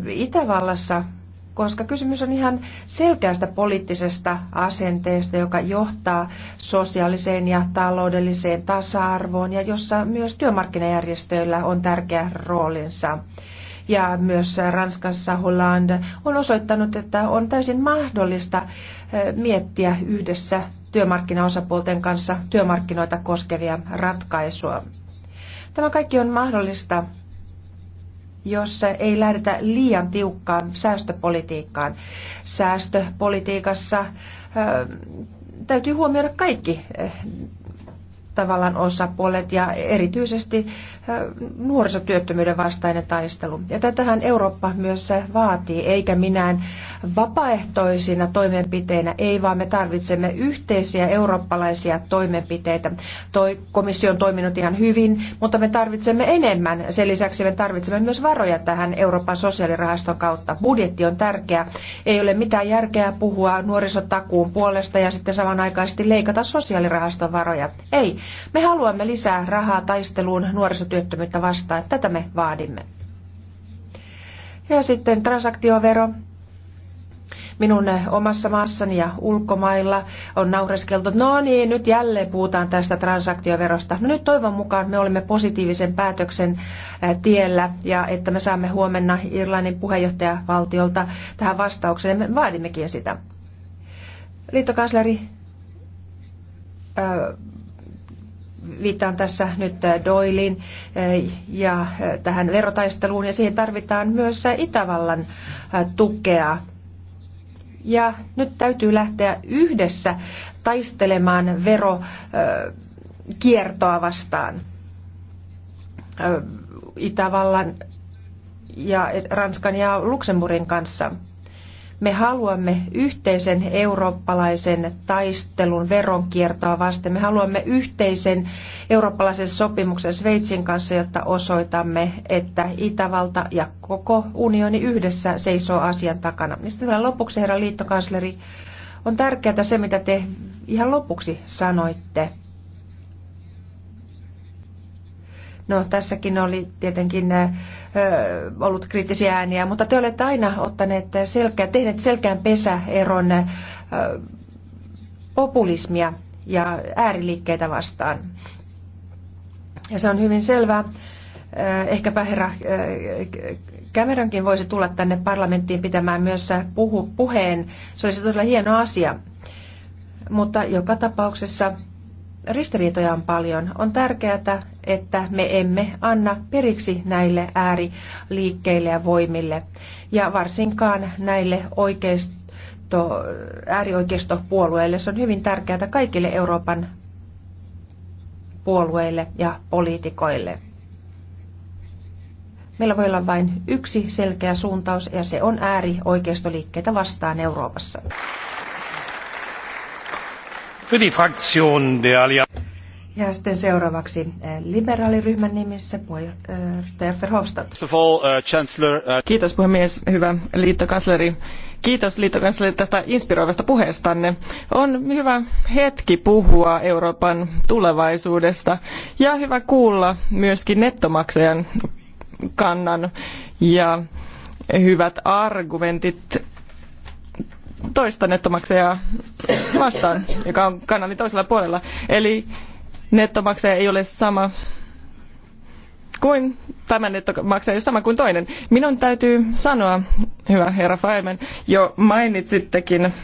Itävallassa, koska kysymys on ihan selkeästä poliittisesta asenteesta, joka johtaa sosiaaliseen ja taloudelliseen tasa-arvoon ja jossa myös työmarkkinajärjestöillä on tärkeä roolinsa. Ja myös Ranskassa Hollande on osoittanut, että on täysin mahdollista eh, miettiä yhdessä työmarkkinaosapuolten kanssa työmarkkinoita koskevia ratkaisuja. Tämä kaikki on mahdollista jos ei lähdetä liian tiukkaan säästöpolitiikkaan. Säästöpolitiikassa täytyy huomioida kaikki tavallaan osapuolet ja erityisesti nuorisotyöttömyyden vastainen taistelu. Ja tätähän Eurooppa myös vaatii, eikä minään vapaaehtoisina toimenpiteinä, ei vaan me tarvitsemme yhteisiä eurooppalaisia toimenpiteitä. Toi komissio on toiminut ihan hyvin, mutta me tarvitsemme enemmän. Sen lisäksi me tarvitsemme myös varoja tähän Euroopan sosiaalirahaston kautta. Budjetti on tärkeä. Ei ole mitään järkeä puhua nuorisotakuun puolesta ja sitten samanaikaisesti leikata sosiaalirahaston varoja. Ei, me haluamme lisää rahaa taisteluun nuorisotyöttömyyttä vastaan. Tätä me vaadimme. Ja sitten transaktiovero. Minun omassa maassani ja ulkomailla on naureskeltu, no niin, nyt jälleen puhutaan tästä transaktioverosta. No nyt toivon mukaan me olemme positiivisen päätöksen tiellä ja että me saamme huomenna Irlannin puheenjohtajavaltiolta tähän vastaukseen Me vaadimmekin sitä. Liittokansleri, viittaan tässä nyt äh, Doilin äh, ja äh, tähän verotaisteluun ja siihen tarvitaan myös Itävallan tukea. Ja nyt täytyy lähteä yhdessä taistelemaan verokiertoa vastaan. Itävallan ja Ranskan ja Luxemburgin kanssa. Me haluamme yhteisen eurooppalaisen taistelun veronkiertoa vasten. Me haluamme yhteisen eurooppalaisen sopimuksen Sveitsin kanssa, jotta osoitamme, että Itävalta ja koko unioni yhdessä seisoo asian takana. Ja sitten vielä lopuksi, herra liittokansleri, on tärkeää se, mitä te ihan lopuksi sanoitte – No tässäkin oli tietenkin ö, äh, äh, ollut kriittisiä ääniä, mutta te olette aina ottaneet selkeä, tehneet selkeän pesäeron ö, äh, populismia ja ääriliikkeitä vastaan. Ja se on hyvin selvää. Ehkäpä herra Cameronkin voisi tulla tänne parlamenttiin pitämään myös puhu, puheen. Se olisi todella hieno asia. Mutta joka tapauksessa ristiriitoja on paljon. On tärkeää, että me emme anna periksi näille ääriliikkeille ja voimille ja varsinkaan näille oikeisto, äärioikeistopuolueille. Se on hyvin tärkeää kaikille Euroopan puolueille ja poliitikoille. Meillä voi olla vain yksi selkeä suuntaus ja se on äärioikeistoliikkeitä vastaan Euroopassa. Ja sitten seuraavaksi eh, liberaaliryhmän nimissä puheenjohtaja Verhofstadt. Eh, eh, Kiitos puhemies, hyvä liittokansleri. Kiitos liittokansleri tästä inspiroivasta puheestanne. On hyvä hetki puhua Euroopan tulevaisuudesta ja hyvä kuulla myöskin nettomaksajan kannan ja hyvät argumentit toista nettomaksajaa vastaan, joka on kanalin toisella puolella. Eli nettomaksaja ei ole sama kuin tämä nettomaksaja ei ole sama kuin toinen. Minun täytyy sanoa, hyvä herra Faimen, jo mainitsittekin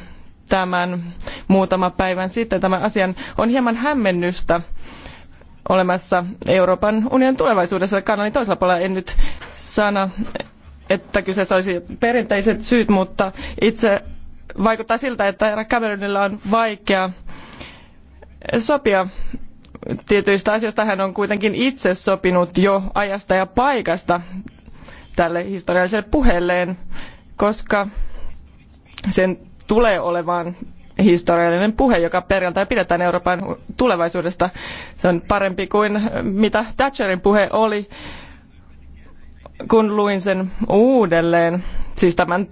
tämän muutama päivän sitten tämän asian, on hieman hämmennystä olemassa Euroopan unionin tulevaisuudessa kanalin toisella puolella. En nyt sana, että kyseessä olisi perinteiset syyt, mutta itse vaikuttaa siltä, että herra Cameronilla on vaikea sopia tietyistä asioista. Hän on kuitenkin itse sopinut jo ajasta ja paikasta tälle historialliselle puheelleen, koska sen tulee olemaan historiallinen puhe, joka perjantai pidetään Euroopan tulevaisuudesta. Se on parempi kuin mitä Thatcherin puhe oli kun luin sen uudelleen, siis tämän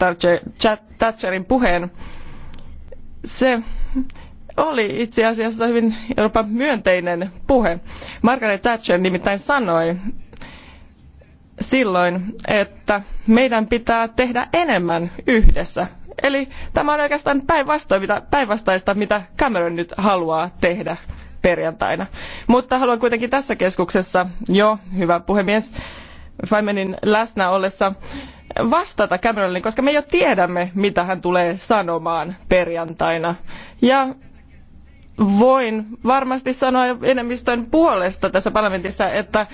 Thatcherin puheen, se oli itse asiassa hyvin Euroopan myönteinen puhe. Margaret Thatcher nimittäin sanoi silloin, että meidän pitää tehdä enemmän yhdessä. Eli tämä on oikeastaan päinvastaista, mitä Cameron nyt haluaa tehdä perjantaina. Mutta haluan kuitenkin tässä keskuksessa jo, hyvä puhemies, Faimenin läsnä ollessa vastata Cameronille, koska me jo tiedämme, mitä hän tulee sanomaan perjantaina. Ja voin varmasti sanoa enemmistön puolesta tässä parlamentissa, että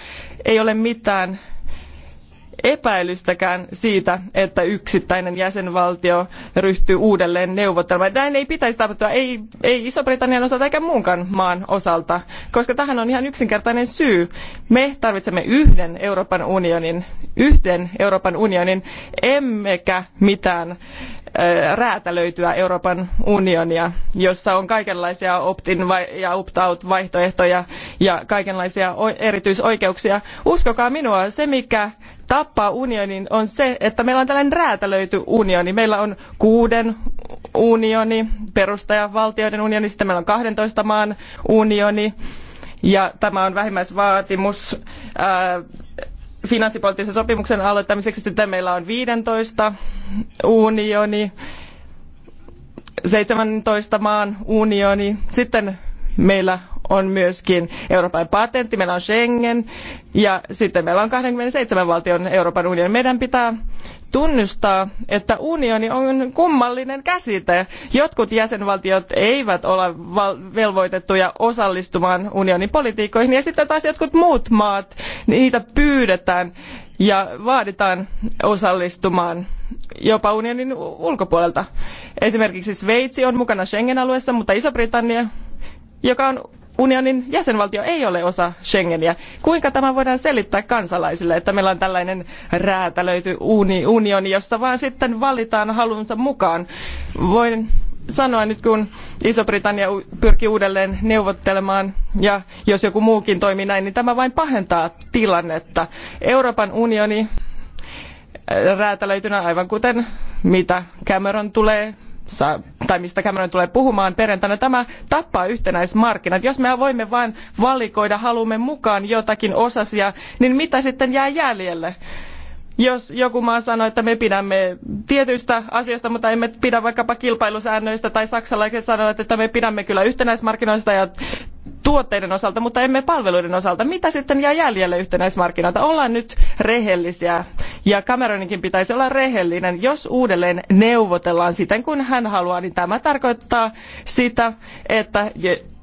ei ole mitään epäilystäkään siitä, että yksittäinen jäsenvaltio ryhtyy uudelleen neuvottelemaan. Näin ei pitäisi tapahtua, ei, ei Iso-Britannian osalta eikä muunkaan maan osalta, koska tähän on ihan yksinkertainen syy. Me tarvitsemme yhden Euroopan unionin, yhden Euroopan unionin, emmekä mitään räätälöityä Euroopan unionia, jossa on kaikenlaisia opt-in ja opt-out vaihtoehtoja ja kaikenlaisia erityisoikeuksia. Uskokaa minua, se mikä tappaa unionin, on se, että meillä on tällainen räätälöity unioni. Meillä on kuuden unioni, perustajavaltioiden unioni, sitten meillä on 12 maan unioni, ja tämä on vähimmäisvaatimus ää, äh, finanssipoliittisen sopimuksen aloittamiseksi. Sitten meillä on 15 unioni, 17 maan unioni, sitten meillä on myöskin Euroopan patentti, meillä on Schengen ja sitten meillä on 27 valtion Euroopan unioni. Meidän pitää tunnustaa, että unioni on kummallinen käsite. Jotkut jäsenvaltiot eivät ole velvoitettuja osallistumaan unionin politiikkoihin ja sitten taas jotkut muut maat, niitä pyydetään ja vaaditaan osallistumaan jopa unionin ulkopuolelta. Esimerkiksi Sveitsi on mukana Schengen-alueessa, mutta Iso-Britannia joka on unionin jäsenvaltio, ei ole osa Schengeniä. Kuinka tämä voidaan selittää kansalaisille, että meillä on tällainen räätälöity uni, unioni, jossa vaan sitten valitaan halunsa mukaan? Voin sanoa nyt, kun Iso-Britannia pyrkii uudelleen neuvottelemaan ja jos joku muukin toimii näin, niin tämä vain pahentaa tilannetta. Euroopan unioni äh, räätälöitynä aivan kuten mitä Cameron tulee tai mistä Cameron tulee puhumaan perjantaina, tämä tappaa yhtenäismarkkinat. Jos me voimme vain valikoida, haluamme mukaan jotakin osasia, niin mitä sitten jää jäljelle? Jos joku maa sanoo, että me pidämme tietyistä asioista, mutta emme pidä vaikkapa kilpailusäännöistä, tai saksalaiset sanovat, että me pidämme kyllä yhtenäismarkkinoista ja tuotteiden osalta, mutta emme palveluiden osalta. Mitä sitten jää jäljelle yhtenäismarkkinoilta? Ollaan nyt rehellisiä ja Cameroninkin pitäisi olla rehellinen. Jos uudelleen neuvotellaan siten kuin hän haluaa, niin tämä tarkoittaa sitä, että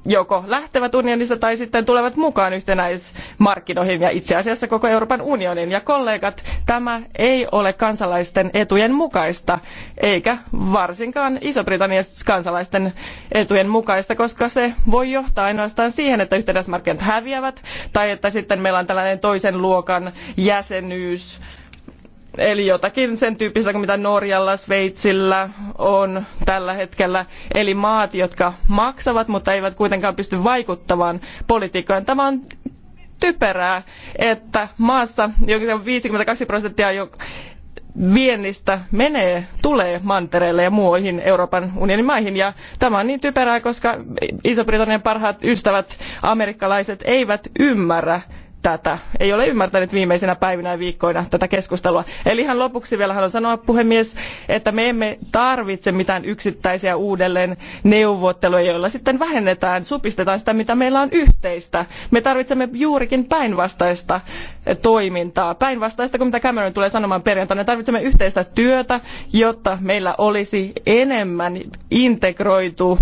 joko lähtevät unionista tai sitten tulevat mukaan yhtenäismarkkinoihin ja itse asiassa koko Euroopan unionin. Ja kollegat, tämä ei ole kansalaisten etujen mukaista, eikä varsinkaan Iso-Britannian kansalaisten etujen mukaista, koska se voi johtaa ainoastaan siihen, että yhtenäismarkkinat häviävät tai että sitten meillä on tällainen toisen luokan jäsenyys Eli jotakin sen tyyppistä kuin mitä Norjalla, Sveitsillä on tällä hetkellä. Eli maat, jotka maksavat, mutta eivät kuitenkaan pysty vaikuttamaan politiikkaan. Tämä on typerää, että maassa, joka 52 prosenttia viennistä menee, tulee mantereelle ja muihin Euroopan unionin maihin. Ja tämä on niin typerää, koska Iso-Britannian parhaat ystävät, amerikkalaiset, eivät ymmärrä tätä. Ei ole ymmärtänyt viimeisinä päivinä ja viikkoina tätä keskustelua. Eli ihan lopuksi vielä haluan sanoa, puhemies, että me emme tarvitse mitään yksittäisiä uudelleen neuvotteluja, joilla sitten vähennetään, supistetaan sitä, mitä meillä on yhteistä. Me tarvitsemme juurikin päinvastaista toimintaa. Päinvastaista kuin mitä Cameron tulee sanomaan perjantaina. Tarvitsemme yhteistä työtä, jotta meillä olisi enemmän integroitu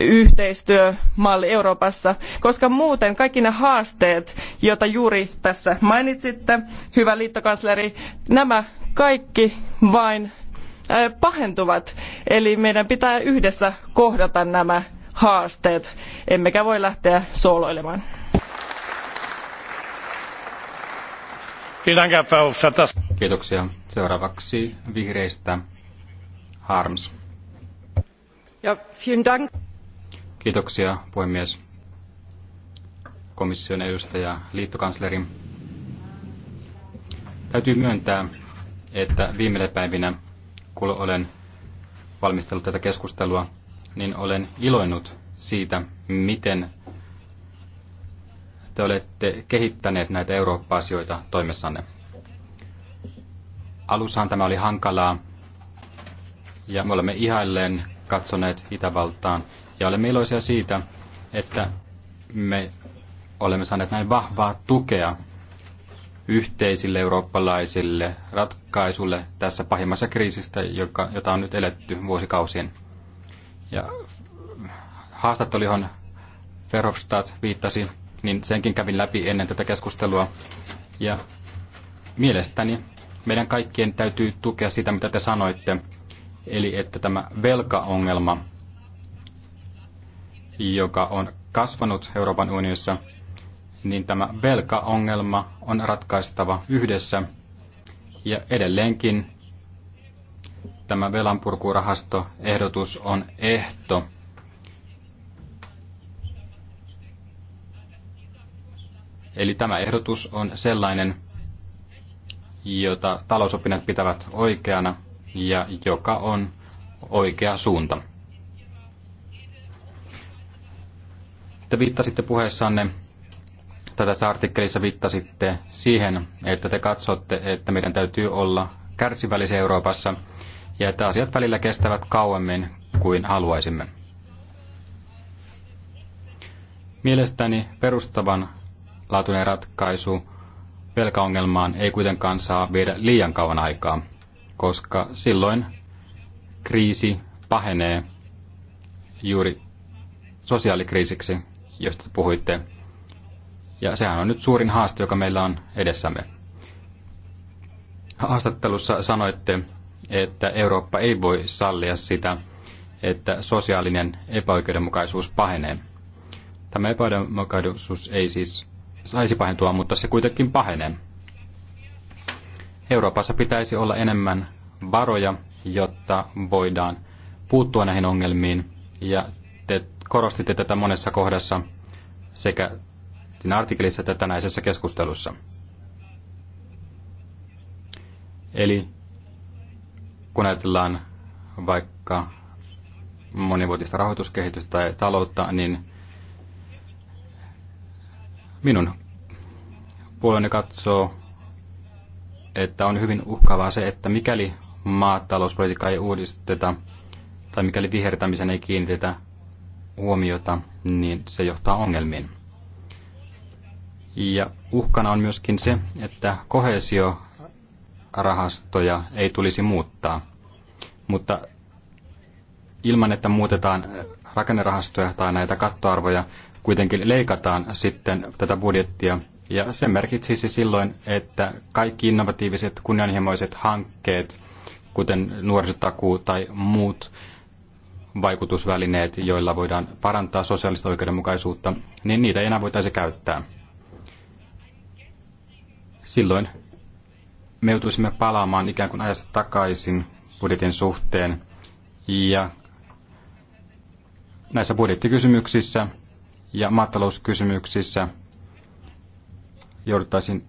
yhteistyömalli Euroopassa, koska muuten kaikki ne haasteet, joita juuri tässä mainitsitte, hyvä liittokansleri, nämä kaikki vain äh, pahentuvat. Eli meidän pitää yhdessä kohdata nämä haasteet, emmekä voi lähteä sooloilemaan. Kiitoksia. Seuraavaksi vihreistä Harms. Ja, vielen Dank. Kiitoksia, puhemies, komission edustaja, liittokansleri. Täytyy myöntää, että viime päivinä, kun olen valmistellut tätä keskustelua, niin olen iloinut siitä, miten te olette kehittäneet näitä Eurooppa-asioita toimessanne. Alussahan tämä oli hankalaa, ja me olemme ihailleen katsoneet Itävaltaan – ja olemme iloisia siitä, että me olemme saaneet näin vahvaa tukea yhteisille eurooppalaisille ratkaisulle tässä pahimmassa kriisistä, joka, jota on nyt eletty vuosikausien. Ja haastattelu, johon Verhofstadt viittasi, niin senkin kävin läpi ennen tätä keskustelua. Ja mielestäni meidän kaikkien täytyy tukea sitä, mitä te sanoitte, eli että tämä velkaongelma joka on kasvanut Euroopan unionissa, niin tämä velkaongelma on ratkaistava yhdessä. Ja edelleenkin tämä velanpurkurahastoehdotus on ehto. Eli tämä ehdotus on sellainen, jota talousopinnat pitävät oikeana ja joka on oikea suunta. Te viittasitte puheessanne, tai tässä artikkelissa viittasitte siihen, että te katsotte, että meidän täytyy olla kärsivällisiä Euroopassa ja että asiat välillä kestävät kauemmin kuin haluaisimme. Mielestäni perustavan laatuinen ratkaisu velkaongelmaan ei kuitenkaan saa viedä liian kauan aikaa, koska silloin kriisi pahenee juuri sosiaalikriisiksi josta puhuitte. Ja sehän on nyt suurin haaste, joka meillä on edessämme. Haastattelussa sanoitte, että Eurooppa ei voi sallia sitä, että sosiaalinen epäoikeudenmukaisuus pahenee. Tämä epäoikeudenmukaisuus ei siis saisi pahentua, mutta se kuitenkin pahenee. Euroopassa pitäisi olla enemmän varoja, jotta voidaan puuttua näihin ongelmiin ja korostitte tätä monessa kohdassa sekä siinä artikkelissa että tänäisessä keskustelussa. Eli kun ajatellaan vaikka monivuotista rahoituskehitystä tai taloutta, niin minun puolueeni katsoo, että on hyvin uhkaavaa se, että mikäli maatalouspolitiikka ei uudisteta tai mikäli vihertämisen ei kiinnitetä huomiota, niin se johtaa ongelmiin. Ja uhkana on myöskin se, että kohesiorahastoja ei tulisi muuttaa. Mutta ilman, että muutetaan rakennerahastoja tai näitä kattoarvoja, kuitenkin leikataan sitten tätä budjettia. Ja se merkitsisi silloin, että kaikki innovatiiviset kunnianhimoiset hankkeet, kuten nuorisotakuu tai muut, vaikutusvälineet, joilla voidaan parantaa sosiaalista oikeudenmukaisuutta, niin niitä ei enää voitaisiin käyttää. Silloin me joutuisimme palaamaan ikään kuin ajasta takaisin budjetin suhteen. Ja näissä budjettikysymyksissä ja maatalouskysymyksissä jouduttaisiin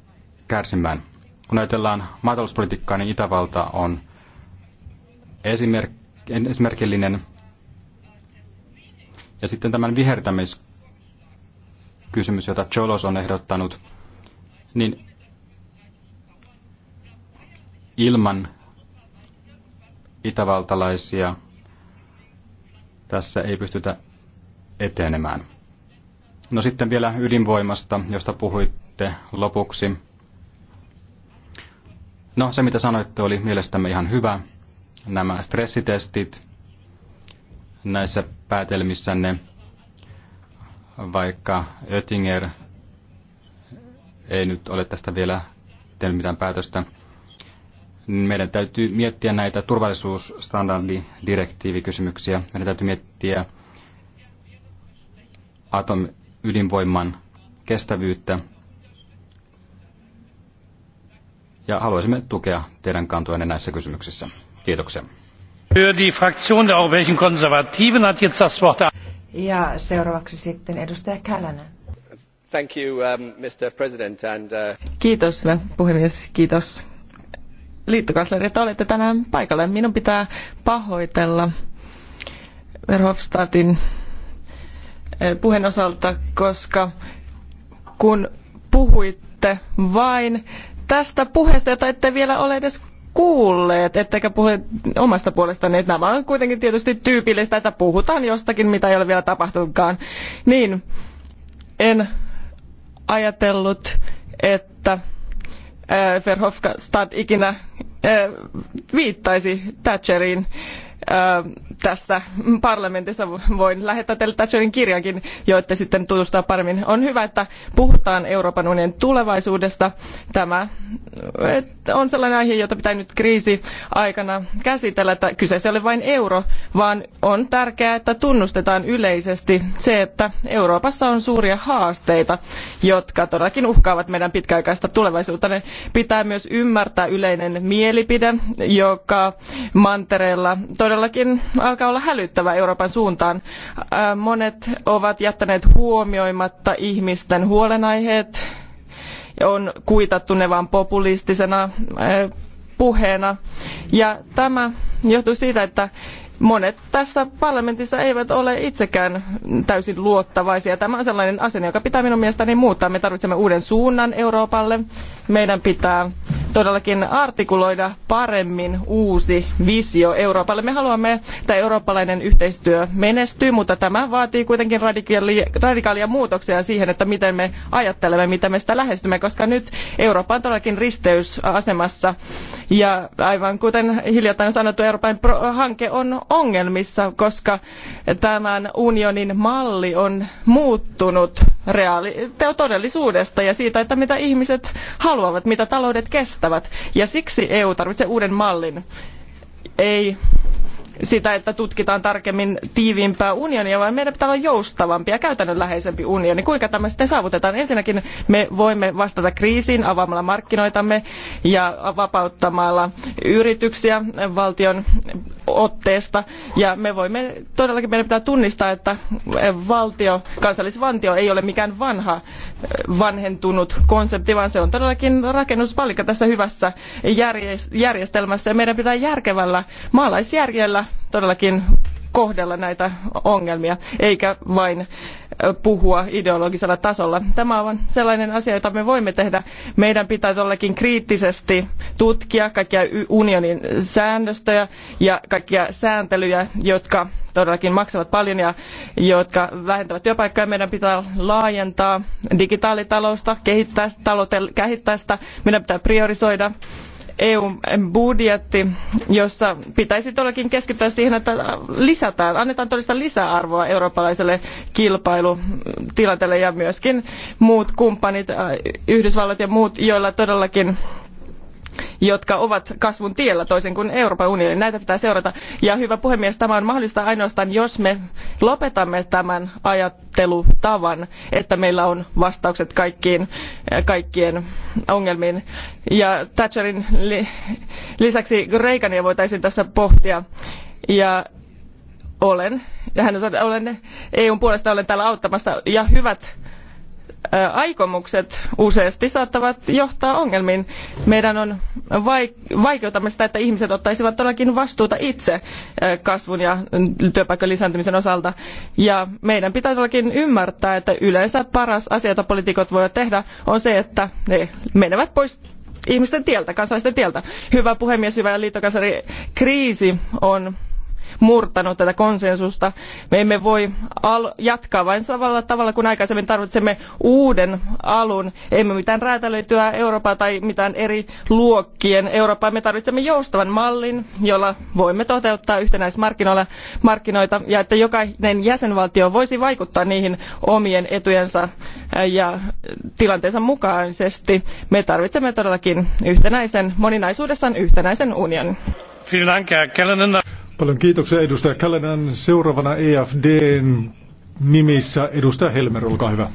kärsimään. Kun ajatellaan maatalouspolitiikkaa, niin Itävalta on esimerk- esimerkillinen ja sitten tämän vihertämiskysymys, jota Cholos on ehdottanut, niin ilman itävaltalaisia tässä ei pystytä etenemään. No sitten vielä ydinvoimasta, josta puhuitte lopuksi. No se mitä sanoitte oli mielestämme ihan hyvä. Nämä stressitestit näissä päätelmissänne, vaikka Oettinger ei nyt ole tästä vielä tehnyt mitään päätöstä, meidän täytyy miettiä näitä turvallisuusstandardidirektiivikysymyksiä. Meidän täytyy miettiä atomydinvoiman kestävyyttä. Ja haluaisimme tukea teidän kantojanne näissä kysymyksissä. Kiitoksia. Ja seuraavaksi sitten edustaja Kälänen. Thank you, um, Mr. President, and, uh... Kiitos, hyvä puhemies, kiitos. Liittokansleri, että olette tänään paikalla. Minun pitää pahoitella Verhofstadtin eh, puheen osalta, koska kun puhuitte vain tästä puheesta, jota ette vielä ole edes kuulleet, ettekä puhu omasta puolestanne. Että nämä on kuitenkin tietysti tyypillistä, että puhutaan jostakin, mitä ei ole vielä tapahtunutkaan. Niin, en ajatellut, että äh, Verhofstadt ikinä äh, viittaisi Thatcheriin tässä parlamentissa voin lähettää teille Thatcherin kirjankin, joitte sitten tutustua paremmin. On hyvä, että puhutaan Euroopan unionin tulevaisuudesta. Tämä on sellainen aihe, jota pitää nyt kriisi-aikana käsitellä, että kyseessä ei ole vain euro, vaan on tärkeää, että tunnustetaan yleisesti se, että Euroopassa on suuria haasteita, jotka todellakin uhkaavat meidän pitkäaikaista tulevaisuutta. Ne pitää myös ymmärtää yleinen mielipide, joka mantereella todellakin alkaa olla hälyttävä Euroopan suuntaan. Monet ovat jättäneet huomioimatta ihmisten huolenaiheet. On kuitattu ne vain populistisena puheena. Ja tämä johtuu siitä, että monet tässä parlamentissa eivät ole itsekään täysin luottavaisia. Tämä on sellainen asenne, joka pitää minun mielestäni muuttaa. Me tarvitsemme uuden suunnan Euroopalle meidän pitää todellakin artikuloida paremmin uusi visio Euroopalle. Me haluamme, että eurooppalainen yhteistyö menestyy, mutta tämä vaatii kuitenkin radikaalia, muutoksia siihen, että miten me ajattelemme, miten me sitä lähestymme, koska nyt Eurooppa on todellakin risteysasemassa. Ja aivan kuten hiljattain sanottu, Euroopan hanke on ongelmissa, koska tämän unionin malli on muuttunut reaali- todellisuudesta ja siitä, että mitä ihmiset haluavat haluavat, mitä taloudet kestävät. Ja siksi EU tarvitsee uuden mallin. Ei sitä, että tutkitaan tarkemmin tiiviimpää unionia, vaan meidän pitää olla joustavampi ja käytännönläheisempi unioni. Kuinka tämä sitten saavutetaan? Ensinnäkin me voimme vastata kriisiin avaamalla markkinoitamme ja vapauttamalla yrityksiä valtion otteesta. Ja me voimme, todellakin meidän pitää tunnistaa, että eh, valtio, kansallisvaltio ei ole mikään vanha, eh, vanhentunut konsepti, vaan se on todellakin rakennuspalikka tässä hyvässä järjestelmässä. Ja meidän pitää järkevällä maalaisjärjellä todellakin kohdella näitä ongelmia, eikä vain puhua ideologisella tasolla. Tämä on sellainen asia, jota me voimme tehdä. Meidän pitää todellakin kriittisesti tutkia kaikkia unionin säännöstöjä ja kaikkia sääntelyjä, jotka todellakin maksavat paljon ja jotka vähentävät työpaikkoja. Meidän pitää laajentaa digitaalitalousta, kehittää sitä, kehittää sitä. meidän pitää priorisoida EUn budjetti, jossa pitäisi todellakin keskittyä siihen, että lisätään, annetaan todellista lisäarvoa eurooppalaiselle kilpailutilanteelle ja myöskin muut kumppanit, äh, Yhdysvallat ja muut, joilla todellakin jotka ovat kasvun tiellä toisin kuin Euroopan unioni. Näitä pitää seurata. Ja hyvä puhemies, tämä on mahdollista ainoastaan, jos me lopetamme tämän ajattelutavan, että meillä on vastaukset kaikkiin, äh, kaikkien ongelmiin. Ja Thatcherin lisäksi Reagania voitaisiin tässä pohtia. Ja olen, ja hän on, olen EUn puolesta olen täällä auttamassa. Ja hyvät aikomukset useasti saattavat johtaa ongelmiin. Meidän on vaikeutamme sitä, että ihmiset ottaisivat todellakin vastuuta itse kasvun ja työpaikkojen lisääntymisen osalta. Ja meidän pitää todellakin ymmärtää, että yleensä paras asia, jota poliitikot voivat tehdä, on se, että ne menevät pois ihmisten tieltä, kansalaisten tieltä. Hyvä puhemies, hyvä liittokansari, kriisi on murtanut tätä konsensusta. Me emme voi jatkaa vain samalla tavalla kuin aikaisemmin tarvitsemme uuden alun. Emme mitään räätälöityä Eurooppaa tai mitään eri luokkien Eurooppaa. Me tarvitsemme joustavan mallin, jolla voimme toteuttaa yhtenäismarkkinoita ja että jokainen jäsenvaltio voisi vaikuttaa niihin omien etujensa äh, ja tilanteensa mukaisesti. Me tarvitsemme todellakin yhtenäisen, moninaisuudessaan yhtenäisen unionin. Paljon kiitoksia edustaja Kälänän. Seuraavana EFDn nimissä edustaja Helmer, olkaa hyvä.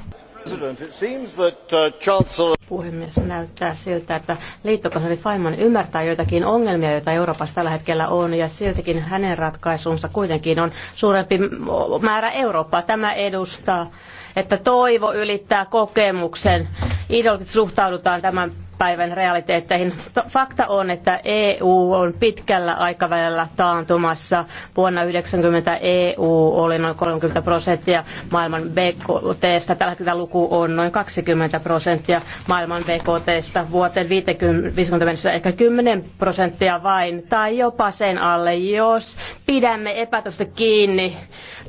Uh, Puhemies, näyttää siltä, että liittokansleri Feynman ymmärtää joitakin ongelmia, joita Euroopassa tällä hetkellä on, ja siltikin hänen ratkaisunsa kuitenkin on suurempi määrä Eurooppaa. Tämä edustaa, että toivo ylittää kokemuksen. Ideologisesti suhtaudutaan tämän päivän realiteetteihin. Fakta on, että EU on pitkällä aikavälillä taantumassa. Vuonna 1990 EU oli noin 30 prosenttia maailman BKTstä. Tällä hetkellä luku on noin 20 prosenttia maailman BKTstä. Vuoteen 50 mennessä ehkä 10 prosenttia vain, tai jopa sen alle, jos pidämme epätosta kiinni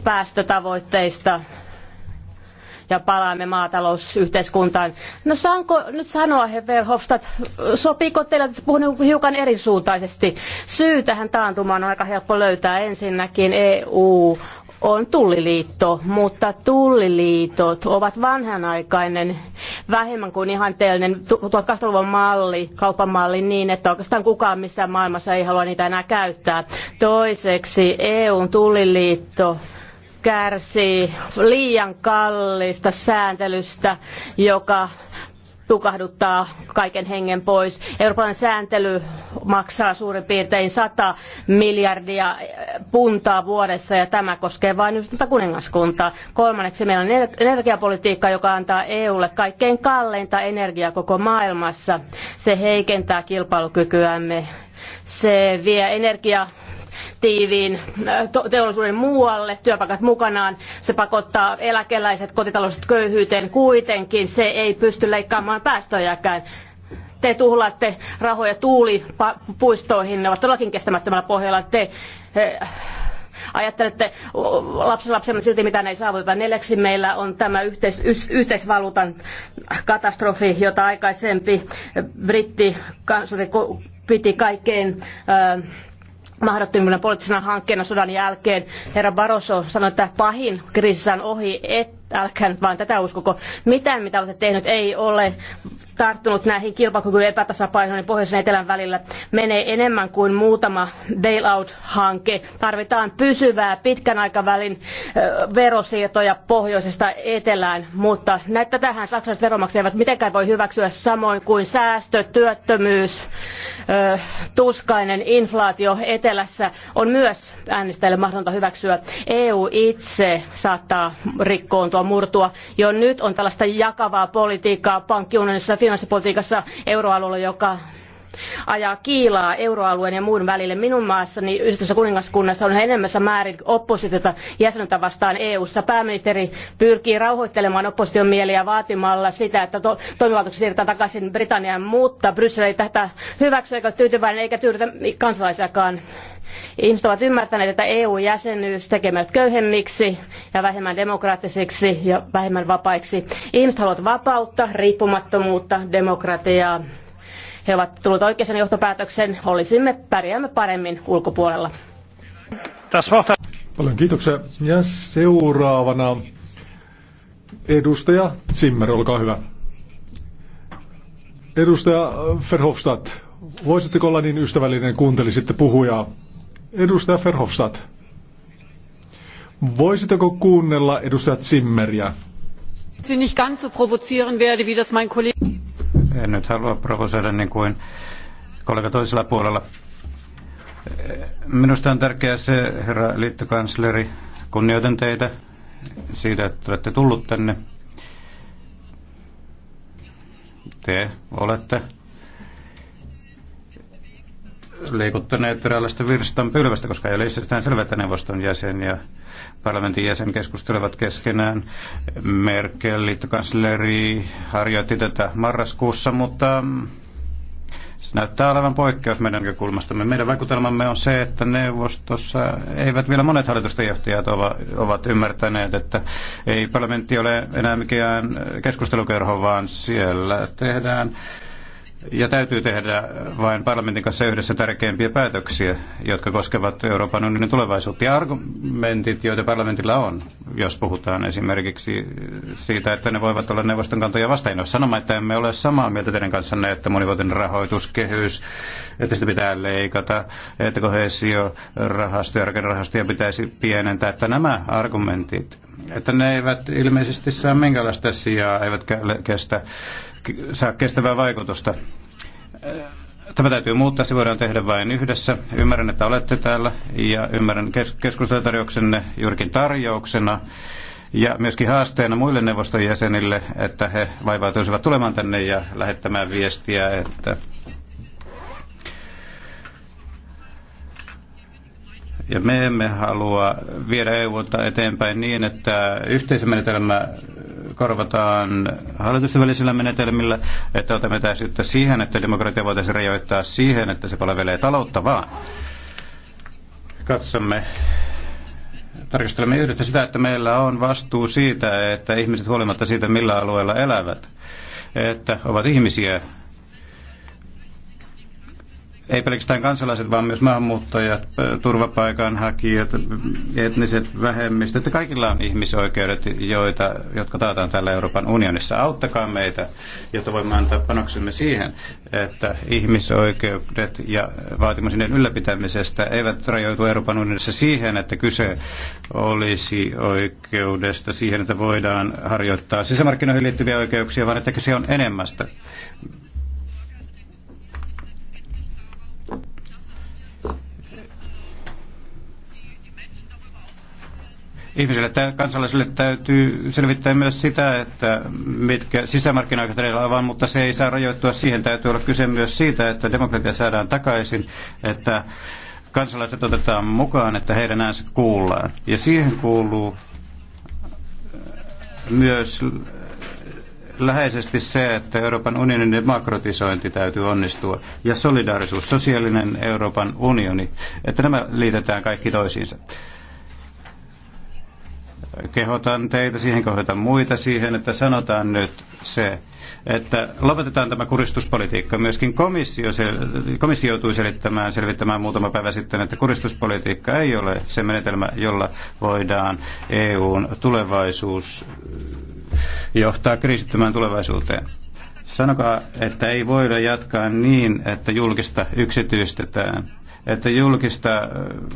päästötavoitteista ja palaamme maatalousyhteiskuntaan. No saanko nyt sanoa, he Verhofstadt, sopiiko teillä, että puhun hiukan erisuuntaisesti? Syy tähän taantumaan on aika helppo löytää. Ensinnäkin EU on tulliliitto, mutta tulliliitot ovat vanhanaikainen, vähemmän kuin ihanteellinen 1800-luvun malli, malli niin, että oikeastaan kukaan missään maailmassa ei halua niitä enää käyttää. Toiseksi EUn tulliliitto kärsii liian kallista sääntelystä, joka tukahduttaa kaiken hengen pois. Euroopan sääntely maksaa suurin piirtein 100 miljardia puntaa vuodessa ja tämä koskee vain yhdistyntä kuningaskuntaa. Kolmanneksi meillä on energiapolitiikka, joka antaa EUlle kaikkein kalleinta energiaa koko maailmassa. Se heikentää kilpailukykyämme. Se vie energiaa tiiviin äh, teollisuuden muualle, työpaikat mukanaan. Se pakottaa eläkeläiset kotitaloudet köyhyyteen. Kuitenkin se ei pysty leikkaamaan päästöjäkään te tuhlaatte rahoja tuulipuistoihin, ne ovat todellakin kestämättömällä pohjalla. Te äh, ajattelette lapsenlapsemme silti mitä ne ei saavuteta. Neljäksi meillä on tämä yhteis, yhteisvaluutan katastrofi, jota aikaisempi britti kansallinen piti kaikkein äh, mahdottomina poliittisena hankkeena sodan jälkeen. Herra Barroso sanoi, että pahin kriisissä on ohi, et, älkää nyt vaan tätä uskoko. Mitään, mitä olette tehnyt, ei ole tarttunut näihin kilpailukyvyn epätasapainoihin niin pohjoisen ja etelän välillä menee enemmän kuin muutama bailout-hanke. Tarvitaan pysyvää pitkän aikavälin verosiirtoja pohjoisesta etelään, mutta näitä tähän saksalaiset veronmaksajat eivät mitenkään voi hyväksyä samoin kuin säästö, työttömyys, tuskainen inflaatio etelässä on myös äänestäjille mahdotonta hyväksyä. EU itse saattaa rikkoontua, murtua. Jo nyt on tällaista jakavaa politiikkaa pankkiunionissa finanssipolitiikassa euroalueella, joka ajaa kiilaa euroalueen ja muun välille. Minun maassani yhdessä kuningaskunnassa on enemmässä määrin oppositiota jäsenyyttä vastaan EU-ssa. Pääministeri pyrkii rauhoittelemaan opposition mieliä vaatimalla sitä, että to- toimivaltuuksia siirretään takaisin Britanniaan, mutta Bryssel ei tätä hyväksy eikä tyytyväinen eikä tyydytä kansalaisiakaan. Ihmiset ovat ymmärtäneet, että EU-jäsenyys meidät köyhemmiksi ja vähemmän demokraattisiksi ja vähemmän vapaiksi. Ihmiset haluavat vapautta, riippumattomuutta, demokratiaa he ovat tulleet oikeaan johtopäätöksen, olisimme pärjäämme paremmin ulkopuolella. Paljon kiitoksia. Ja seuraavana edustaja Zimmer, olkaa hyvä. Edustaja Verhofstadt, voisitteko olla niin ystävällinen, kuuntelisitte puhujaa? Edustaja Verhofstadt, voisitteko kuunnella edustaja Zimmeriä? Sie nicht ganz so provozieren werde, wie das mein Kollege... En nyt halua provosoida niin kuin kollega toisella puolella. Minusta on tärkeää se, herra liittokansleri, kunnioitan teitä siitä, että olette tullut tänne. Te olette liikuttaneet eräänlaista virstan pylvästä, koska ei ole itsestään selvä, että neuvoston jäsen ja parlamentin jäsen keskustelevat keskenään. Merkel, liittokansleri, harjoitti tätä marraskuussa, mutta se näyttää olevan poikkeus meidän näkökulmastamme. Meidän vaikutelmamme on se, että neuvostossa eivät vielä monet hallitusten johtajat ovat ymmärtäneet, että ei parlamentti ole enää mikään keskustelukerho, vaan siellä tehdään ja täytyy tehdä vain parlamentin kanssa yhdessä tärkeimpiä päätöksiä, jotka koskevat Euroopan unionin tulevaisuutta. Ja argumentit, joita parlamentilla on, jos puhutaan esimerkiksi siitä, että ne voivat olla neuvoston kantoja vastaan. Jos sanomaan, että emme ole samaa mieltä teidän kanssanne, että monivuotinen rahoituskehys, että sitä pitää leikata, että kohesiorahastoja ja rakennerahastoja pitäisi pienentää, että nämä argumentit, että ne eivät ilmeisesti saa minkäänlaista sijaa, eivät kestä saa kestävää vaikutusta. Tämä täytyy muuttaa, se voidaan tehdä vain yhdessä. Ymmärrän, että olette täällä ja ymmärrän kes- keskustelutarjouksenne juurikin tarjouksena ja myöskin haasteena muille neuvoston jäsenille, että he vaivautuisivat tulemaan tänne ja lähettämään viestiä, että Ja me emme halua viedä EUta eteenpäin niin, että yhteismenetelmä korvataan hallitusten välisillä menetelmillä, että otamme täysyyttä siihen, että demokratia voitaisiin rajoittaa siihen, että se palvelee taloutta, vaan katsomme tarkastelemme yhdessä sitä, että meillä on vastuu siitä, että ihmiset huolimatta siitä, millä alueella elävät, että ovat ihmisiä ei pelkästään kansalaiset, vaan myös maahanmuuttajat, turvapaikanhakijat, etniset vähemmistöt, että kaikilla on ihmisoikeudet, joita, jotka taataan täällä Euroopan unionissa. Auttakaa meitä, jotta voimme antaa panoksemme siihen, että ihmisoikeudet ja vaatimus ylläpitämisestä eivät rajoitu Euroopan unionissa siihen, että kyse olisi oikeudesta siihen, että voidaan harjoittaa sisämarkkinoihin liittyviä oikeuksia, vaan että kyse on enemmästä Ihmisille tai kansalaisille täytyy selvittää myös sitä, että mitkä sisämarkkinaoikeudet ovat, mutta se ei saa rajoittua siihen. Täytyy olla kyse myös siitä, että demokratia saadaan takaisin, että kansalaiset otetaan mukaan, että heidän äänsä kuullaan. Ja siihen kuuluu äh, myös läheisesti se, että Euroopan unionin demokratisointi täytyy onnistua ja solidaarisuus, sosiaalinen Euroopan unioni, että nämä liitetään kaikki toisiinsa kehotan teitä siihen, kehotan muita siihen, että sanotaan nyt se, että lopetetaan tämä kuristuspolitiikka. Myöskin komissio, komissio joutui selittämään, selvittämään muutama päivä sitten, että kuristuspolitiikka ei ole se menetelmä, jolla voidaan EUn tulevaisuus johtaa kriisittömään tulevaisuuteen. Sanokaa, että ei voida jatkaa niin, että julkista yksityistetään, että julkista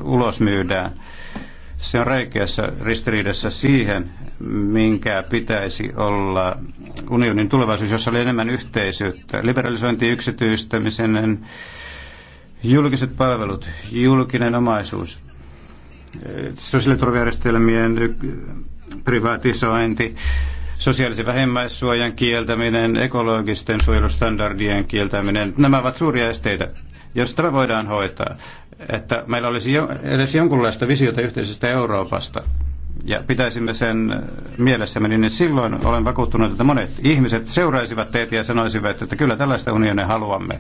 ulosmyydään. myydään se on räikeässä ristiriidassa siihen, minkä pitäisi olla unionin tulevaisuus, jossa oli enemmän yhteisyyttä. Liberalisointi, yksityistämisen, julkiset palvelut, julkinen omaisuus, sosiaaliturvajärjestelmien privatisointi, sosiaalisen vähimmäissuojan kieltäminen, ekologisten suojelustandardien kieltäminen. Nämä ovat suuria esteitä. Jos tämä voidaan hoitaa, että meillä olisi jo, edes jonkunlaista visiota yhteisestä Euroopasta, ja pitäisimme sen mielessämme, niin silloin olen vakuuttunut, että monet ihmiset seuraisivat teitä ja sanoisivat, että kyllä tällaista unionia haluamme.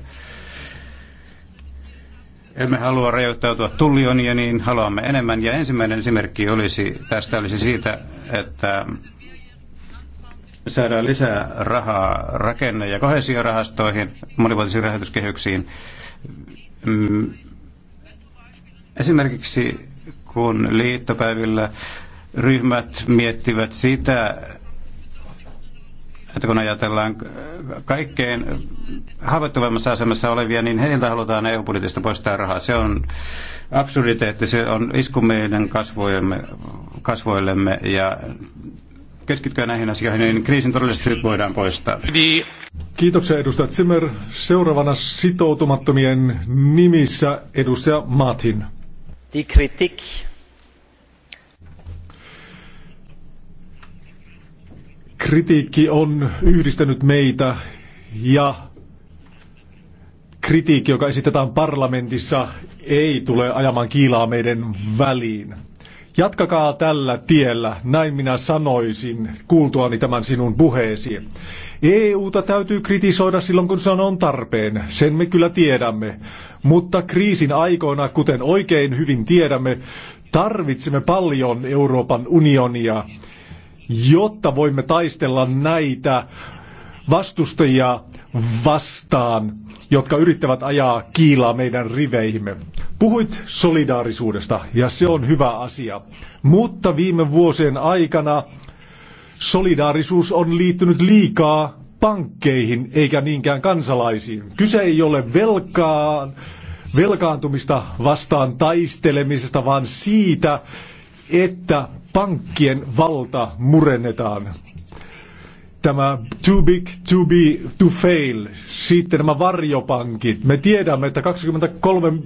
Emme halua rajoittautua tullionia, niin haluamme enemmän. Ja ensimmäinen esimerkki olisi, tästä olisi siitä, että saadaan lisää rahaa rakenne- ja kohesiorahastoihin, monivuotisiin rahoituskehyksiin Mm. Esimerkiksi kun liittopäivillä ryhmät miettivät sitä, että kun ajatellaan kaikkein haavoittuvammassa asemassa olevia, niin heiltä halutaan EU-budjetista poistaa rahaa. Se on absurditeetti, se on isku meidän kasvoillemme, kasvoillemme ja keskittyä näihin asioihin, niin kriisin todelliset syyt voidaan poistaa. Kiitoksia edustaja Zimmer. Seuraavana sitoutumattomien nimissä edustaja Matin. Die Kritik. Kritiikki on yhdistänyt meitä ja kritiikki, joka esitetään parlamentissa, ei tule ajamaan kiilaa meidän väliin. Jatkakaa tällä tiellä, näin minä sanoisin, kuultuani tämän sinun puheesi. EUta täytyy kritisoida silloin, kun se on tarpeen, sen me kyllä tiedämme. Mutta kriisin aikoina, kuten oikein hyvin tiedämme, tarvitsemme paljon Euroopan unionia, jotta voimme taistella näitä vastustajia vastaan jotka yrittävät ajaa kiilaa meidän riveihimme. Puhuit solidaarisuudesta ja se on hyvä asia, mutta viime vuosien aikana solidaarisuus on liittynyt liikaa pankkeihin eikä niinkään kansalaisiin. Kyse ei ole velkaa, velkaantumista vastaan taistelemisesta, vaan siitä, että pankkien valta murennetaan tämä too big, to be, to fail, sitten nämä varjopankit. Me tiedämme, että 23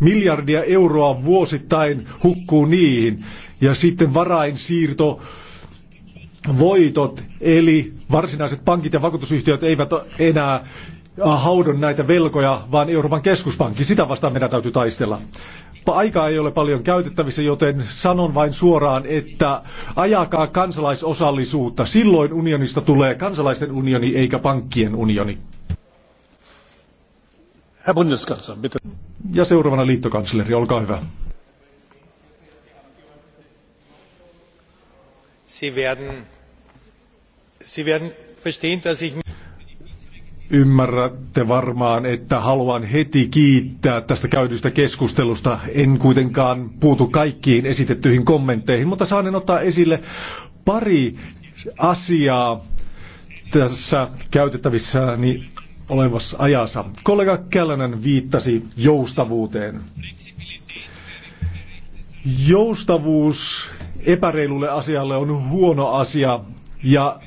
miljardia euroa vuosittain hukkuu niihin. Ja sitten varainsiirto, voitot, eli varsinaiset pankit ja vakuutusyhtiöt eivät enää haudon näitä velkoja, vaan Euroopan keskuspankki. Sitä vastaan meidän täytyy taistella. aika ei ole paljon käytettävissä, joten sanon vain suoraan, että ajakaa kansalaisosallisuutta. Silloin unionista tulee kansalaisten unioni eikä pankkien unioni. Ja seuraavana liittokansleri, olkaa hyvä. Sie werden, Sie werden verstehen, dass ich Ymmärrätte varmaan, että haluan heti kiittää tästä käydystä keskustelusta. En kuitenkaan puutu kaikkiin esitettyihin kommentteihin, mutta saanen ottaa esille pari asiaa tässä käytettävissä olevassa ajassa. Kollega Kellonen viittasi joustavuuteen. Joustavuus epäreilulle asialle on huono asia ja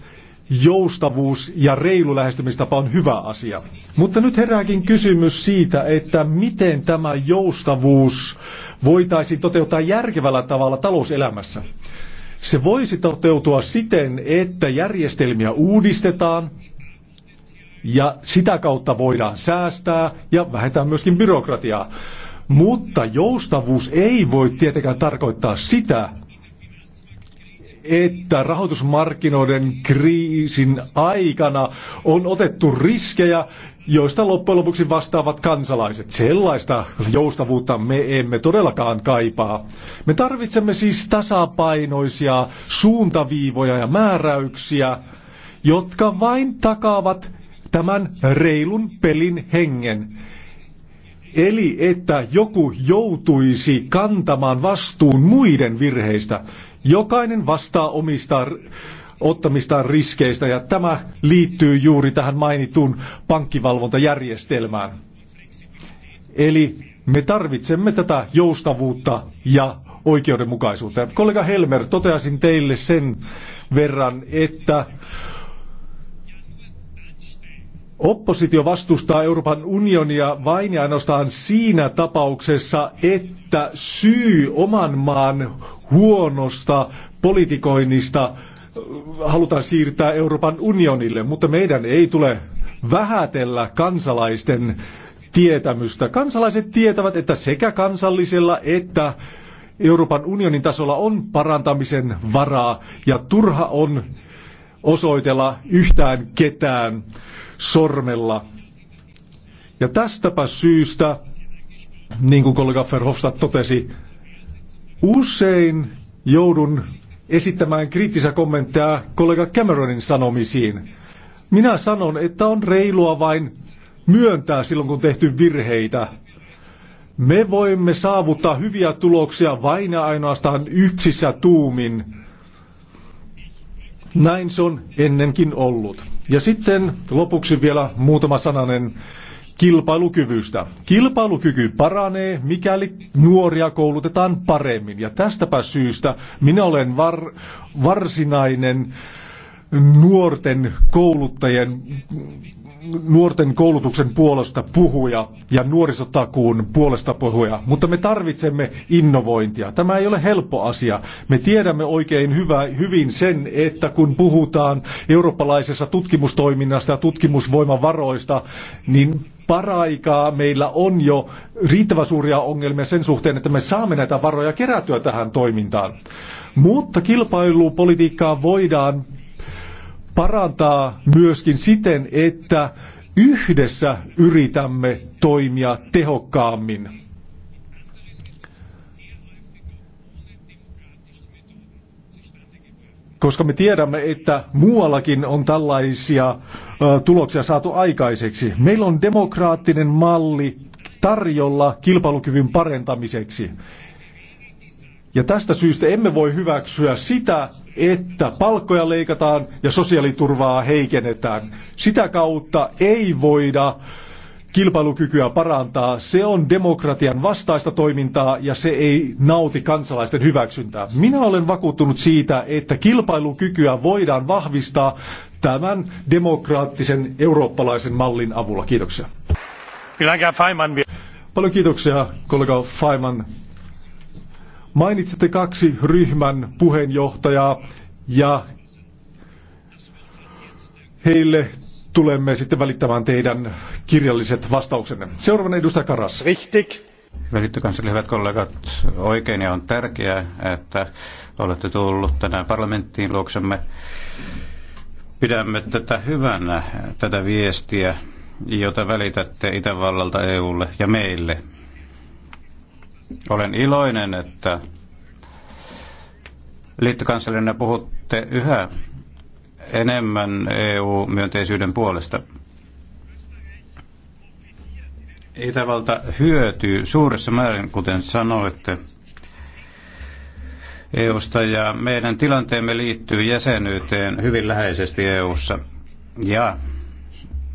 joustavuus ja reilu lähestymistapa on hyvä asia. Mutta nyt herääkin kysymys siitä, että miten tämä joustavuus voitaisiin toteuttaa järkevällä tavalla talouselämässä. Se voisi toteutua siten, että järjestelmiä uudistetaan ja sitä kautta voidaan säästää ja vähentää myöskin byrokratiaa. Mutta joustavuus ei voi tietenkään tarkoittaa sitä, että rahoitusmarkkinoiden kriisin aikana on otettu riskejä, joista loppujen lopuksi vastaavat kansalaiset. Sellaista joustavuutta me emme todellakaan kaipaa. Me tarvitsemme siis tasapainoisia suuntaviivoja ja määräyksiä, jotka vain takaavat tämän reilun pelin hengen. Eli että joku joutuisi kantamaan vastuun muiden virheistä. Jokainen vastaa omista ottamistaan riskeistä ja tämä liittyy juuri tähän mainittuun pankkivalvontajärjestelmään. Eli me tarvitsemme tätä joustavuutta ja oikeudenmukaisuutta. kollega Helmer, toteasin teille sen verran, että Oppositio vastustaa Euroopan unionia vain ja ainoastaan siinä tapauksessa, että syy oman maan huonosta politikoinnista äh, halutaan siirtää Euroopan unionille, mutta meidän ei tule vähätellä kansalaisten tietämystä. Kansalaiset tietävät, että sekä kansallisella että Euroopan unionin tasolla on parantamisen varaa ja turha on osoitella yhtään ketään sormella. Ja tästäpä syystä, niin kuin kollega Verhofstadt totesi, Usein joudun esittämään kriittisiä kommentteja kollega Cameronin sanomisiin. Minä sanon, että on reilua vain myöntää silloin, kun tehty virheitä. Me voimme saavuttaa hyviä tuloksia vain ja ainoastaan yksissä tuumin. Näin se on ennenkin ollut. Ja sitten lopuksi vielä muutama sananen kilpailukyvystä. Kilpailukyky paranee, mikäli nuoria koulutetaan paremmin. Ja tästäpä syystä minä olen var, varsinainen nuorten kouluttajien nuorten koulutuksen puolesta puhuja ja nuorisotakuun puolesta puhuja, mutta me tarvitsemme innovointia. Tämä ei ole helppo asia. Me tiedämme oikein hyvä, hyvin sen, että kun puhutaan eurooppalaisessa tutkimustoiminnasta ja tutkimusvoimavaroista, niin paraikaa meillä on jo riittävän suuria ongelmia sen suhteen, että me saamme näitä varoja kerätyä tähän toimintaan. Mutta kilpailupolitiikkaa voidaan parantaa myöskin siten, että yhdessä yritämme toimia tehokkaammin. Koska me tiedämme, että muuallakin on tällaisia tuloksia saatu aikaiseksi. Meillä on demokraattinen malli tarjolla kilpailukyvyn parantamiseksi. Ja tästä syystä emme voi hyväksyä sitä, että palkkoja leikataan ja sosiaaliturvaa heikennetään. Sitä kautta ei voida kilpailukykyä parantaa. Se on demokratian vastaista toimintaa ja se ei nauti kansalaisten hyväksyntää. Minä olen vakuuttunut siitä, että kilpailukykyä voidaan vahvistaa tämän demokraattisen eurooppalaisen mallin avulla. Kiitoksia. Paljon kiitoksia kollega Feynman. Mainitsitte kaksi ryhmän puheenjohtajaa ja heille tulemme sitten välittämään teidän kirjalliset vastauksenne. Seuraavana edustaja Karas. Richtig. Välittykansille hyvät kollegat, oikein ja on tärkeää, että olette tullut tänään parlamenttiin luoksemme. Pidämme tätä hyvänä, tätä viestiä, jota välitätte Itävallalta EUlle ja meille olen iloinen, että liittokanslerina puhutte yhä enemmän EU-myönteisyyden puolesta. Itävalta hyötyy suuressa määrin, kuten sanoitte, EUsta ja meidän tilanteemme liittyy jäsenyyteen hyvin läheisesti EUssa ja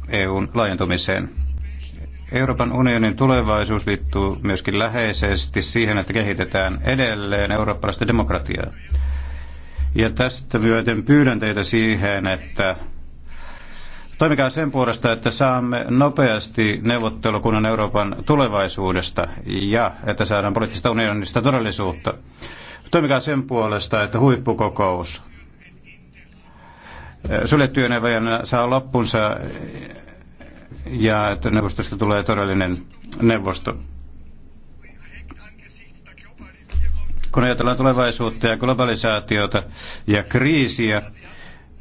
EUn laajentumiseen. Euroopan unionin tulevaisuus viittuu myöskin läheisesti siihen, että kehitetään edelleen eurooppalaista demokratiaa. Ja tästä myöten pyydän teitä siihen, että toimikaa sen puolesta, että saamme nopeasti neuvottelukunnan Euroopan tulevaisuudesta ja että saadaan poliittisesta unionista todellisuutta. Toimikaa sen puolesta, että huippukokous suljettujen saa loppunsa ja että neuvostosta tulee todellinen neuvosto. Kun ajatellaan tulevaisuutta ja globalisaatiota ja kriisiä,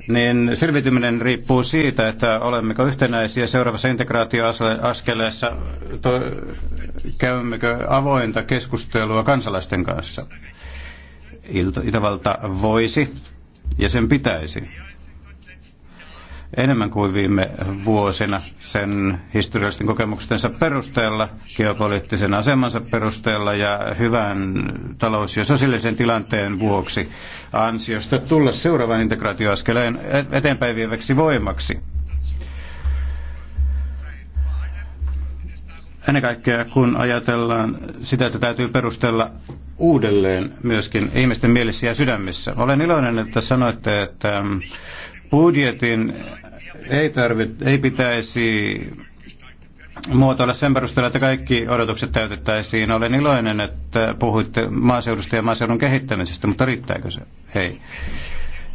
niin selvityminen riippuu siitä, että olemmeko yhtenäisiä seuraavassa integraatioaskeleessa, to, käymmekö avointa keskustelua kansalaisten kanssa. Itävalta voisi ja sen pitäisi enemmän kuin viime vuosina sen historiallisten kokemuksensa perusteella, geopoliittisen asemansa perusteella ja hyvän talous- ja sosiaalisen tilanteen vuoksi ansiosta tulla seuraavan integraatioaskeleen eteenpäin vieväksi voimaksi. Ennen kaikkea kun ajatellaan sitä, että täytyy perustella uudelleen myöskin ihmisten mielissä ja sydämissä. Olen iloinen, että sanoitte, että budjetin ei, tarvit, ei pitäisi muotoilla sen perusteella, että kaikki odotukset täytettäisiin. Olen iloinen, että puhuitte maaseudusta ja maaseudun kehittämisestä, mutta riittääkö se? Hei.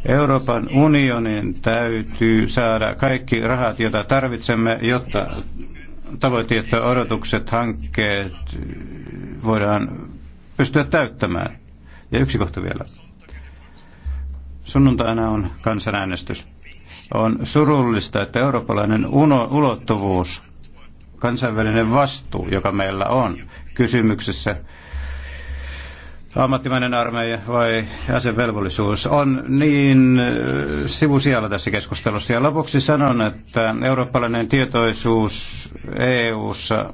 Euroopan unionin täytyy saada kaikki rahat, joita tarvitsemme, jotta tavoitteet että odotukset, hankkeet voidaan pystyä täyttämään. Ja yksi kohta vielä. Sunnuntaina on kansanäänestys. On surullista, että eurooppalainen uno, ulottuvuus, kansainvälinen vastuu, joka meillä on kysymyksessä, ammattimainen armeija vai asevelvollisuus on niin sivusijalla tässä keskustelussa. Ja lopuksi sanon, että eurooppalainen tietoisuus EU:ssa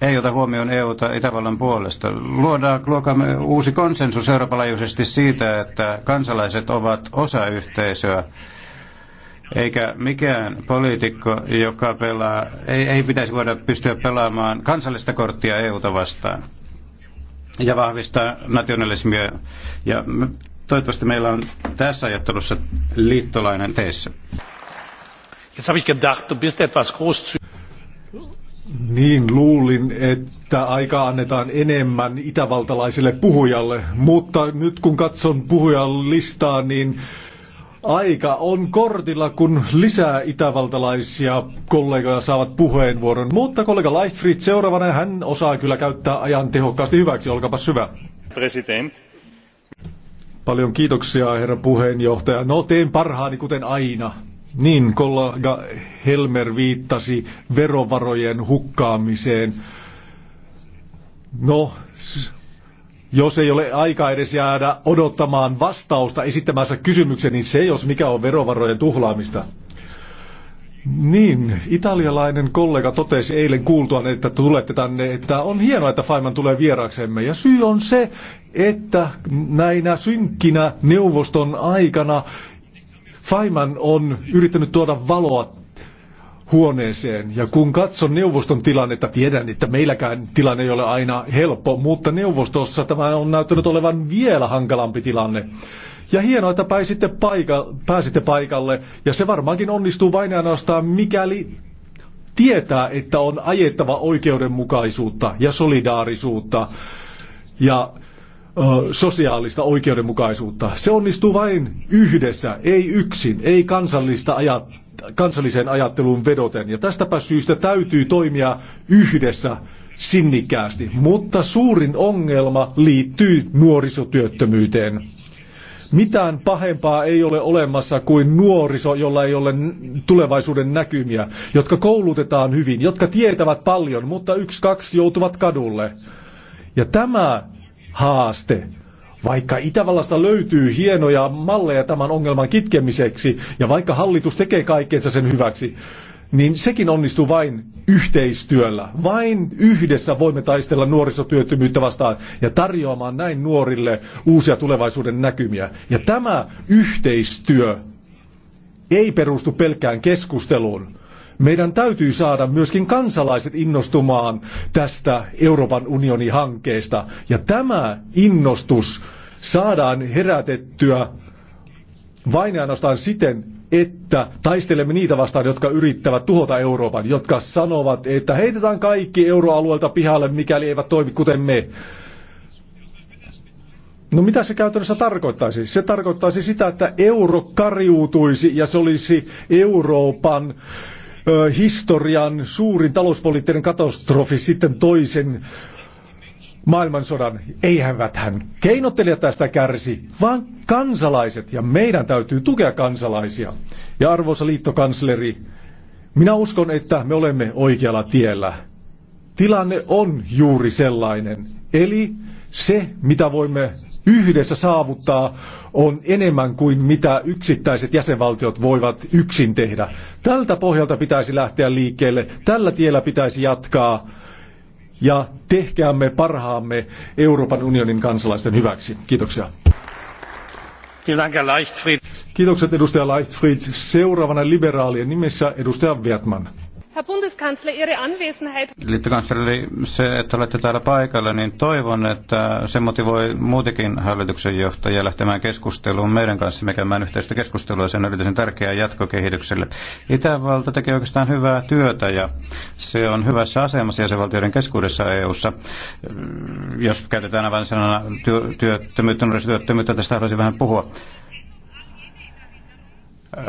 ei ota huomioon EUta Itävallan puolesta. Luodaan, uusi konsensus eurooppalaisesti siitä, että kansalaiset ovat osa yhteisöä eikä mikään poliitikko, joka pelaa, ei, ei pitäisi voida pystyä pelaamaan kansallista korttia EUta vastaan ja vahvistaa nationalismia. Ja toivottavasti meillä on tässä ajattelussa liittolainen teissä. Jetzt habe ich gedacht, du bist etwas großzügig. Niin luulin, että aika annetaan enemmän itävaltalaiselle puhujalle, mutta nyt kun katson puhujan listaa, niin Aika on kortilla, kun lisää itävaltalaisia kollegoja saavat puheenvuoron. Mutta kollega Leichtfried seuraavana, hän osaa kyllä käyttää ajan tehokkaasti hyväksi. Olkaapa hyvä. President. Paljon kiitoksia, herra puheenjohtaja. No, teen parhaani kuten aina. Niin, kollega Helmer viittasi verovarojen hukkaamiseen. No, jos ei ole aika edes jäädä odottamaan vastausta esittämänsä kysymykseen, niin se jos mikä on verovarojen tuhlaamista. Niin, italialainen kollega totesi eilen kuultuaan, että tulette tänne, että on hienoa, että Faiman tulee vieraaksemme. Ja syy on se, että näinä synkkinä neuvoston aikana Faiman on yrittänyt tuoda valoa huoneeseen. Ja kun katson neuvoston tilannetta, tiedän, että meilläkään tilanne ei ole aina helppo, mutta neuvostossa tämä on näyttänyt olevan vielä hankalampi tilanne. Ja hienoa, että pääsitte, paika- pääsitte paikalle, ja se varmaankin onnistuu vain ainoastaan, mikäli tietää, että on ajettava oikeudenmukaisuutta ja solidaarisuutta ja sosiaalista oikeudenmukaisuutta. Se onnistuu vain yhdessä, ei yksin, ei kansallista ajattelua kansalliseen ajatteluun vedoten. Ja tästäpä syystä täytyy toimia yhdessä sinnikkäästi. Mutta suurin ongelma liittyy nuorisotyöttömyyteen. Mitään pahempaa ei ole olemassa kuin nuoriso, jolla ei ole tulevaisuuden näkymiä, jotka koulutetaan hyvin, jotka tietävät paljon, mutta yksi kaksi joutuvat kadulle. Ja tämä haaste vaikka Itävallasta löytyy hienoja malleja tämän ongelman kitkemiseksi ja vaikka hallitus tekee kaikkensa sen hyväksi, niin sekin onnistuu vain yhteistyöllä. Vain yhdessä voimme taistella nuorisotyöttömyyttä vastaan ja tarjoamaan näin nuorille uusia tulevaisuuden näkymiä. Ja tämä yhteistyö ei perustu pelkkään keskusteluun meidän täytyy saada myöskin kansalaiset innostumaan tästä Euroopan unionin hankkeesta. Ja tämä innostus saadaan herätettyä vain ainoastaan siten, että taistelemme niitä vastaan, jotka yrittävät tuhota Euroopan, jotka sanovat, että heitetään kaikki euroalueelta pihalle, mikäli eivät toimi kuten me. No mitä se käytännössä tarkoittaisi? Se tarkoittaisi sitä, että euro kariutuisi ja se olisi Euroopan historian suurin talouspoliittinen katastrofi sitten toisen maailmansodan. Eihän hän keinottelija tästä kärsi, vaan kansalaiset ja meidän täytyy tukea kansalaisia. Ja arvoisa liittokansleri, minä uskon, että me olemme oikealla tiellä. Tilanne on juuri sellainen. Eli se, mitä voimme yhdessä saavuttaa on enemmän kuin mitä yksittäiset jäsenvaltiot voivat yksin tehdä. Tältä pohjalta pitäisi lähteä liikkeelle, tällä tiellä pitäisi jatkaa ja tehkäämme parhaamme Euroopan unionin kansalaisten hyväksi. Kiitoksia. Kiitokset edustaja Leichtfried. Seuraavana liberaalien nimissä edustaja Wertman. Herr Bundeskanzler, Ihre Anwesenheit. Liittokansleri, se, että olette täällä paikalla, niin toivon, että se motivoi muitakin hallituksen johtajia lähtemään keskusteluun meidän kanssamme käymään yhteistä keskustelua. sen erityisen tärkeää jatkokehitykselle. Itävalta tekee oikeastaan hyvää työtä ja se on hyvässä asemassa jäsenvaltioiden keskuudessa EU-ssa. Jos käytetään aivan sanana työ, työttömyyttä, nuorisotyöttömyyttä, tästä haluaisin vähän puhua.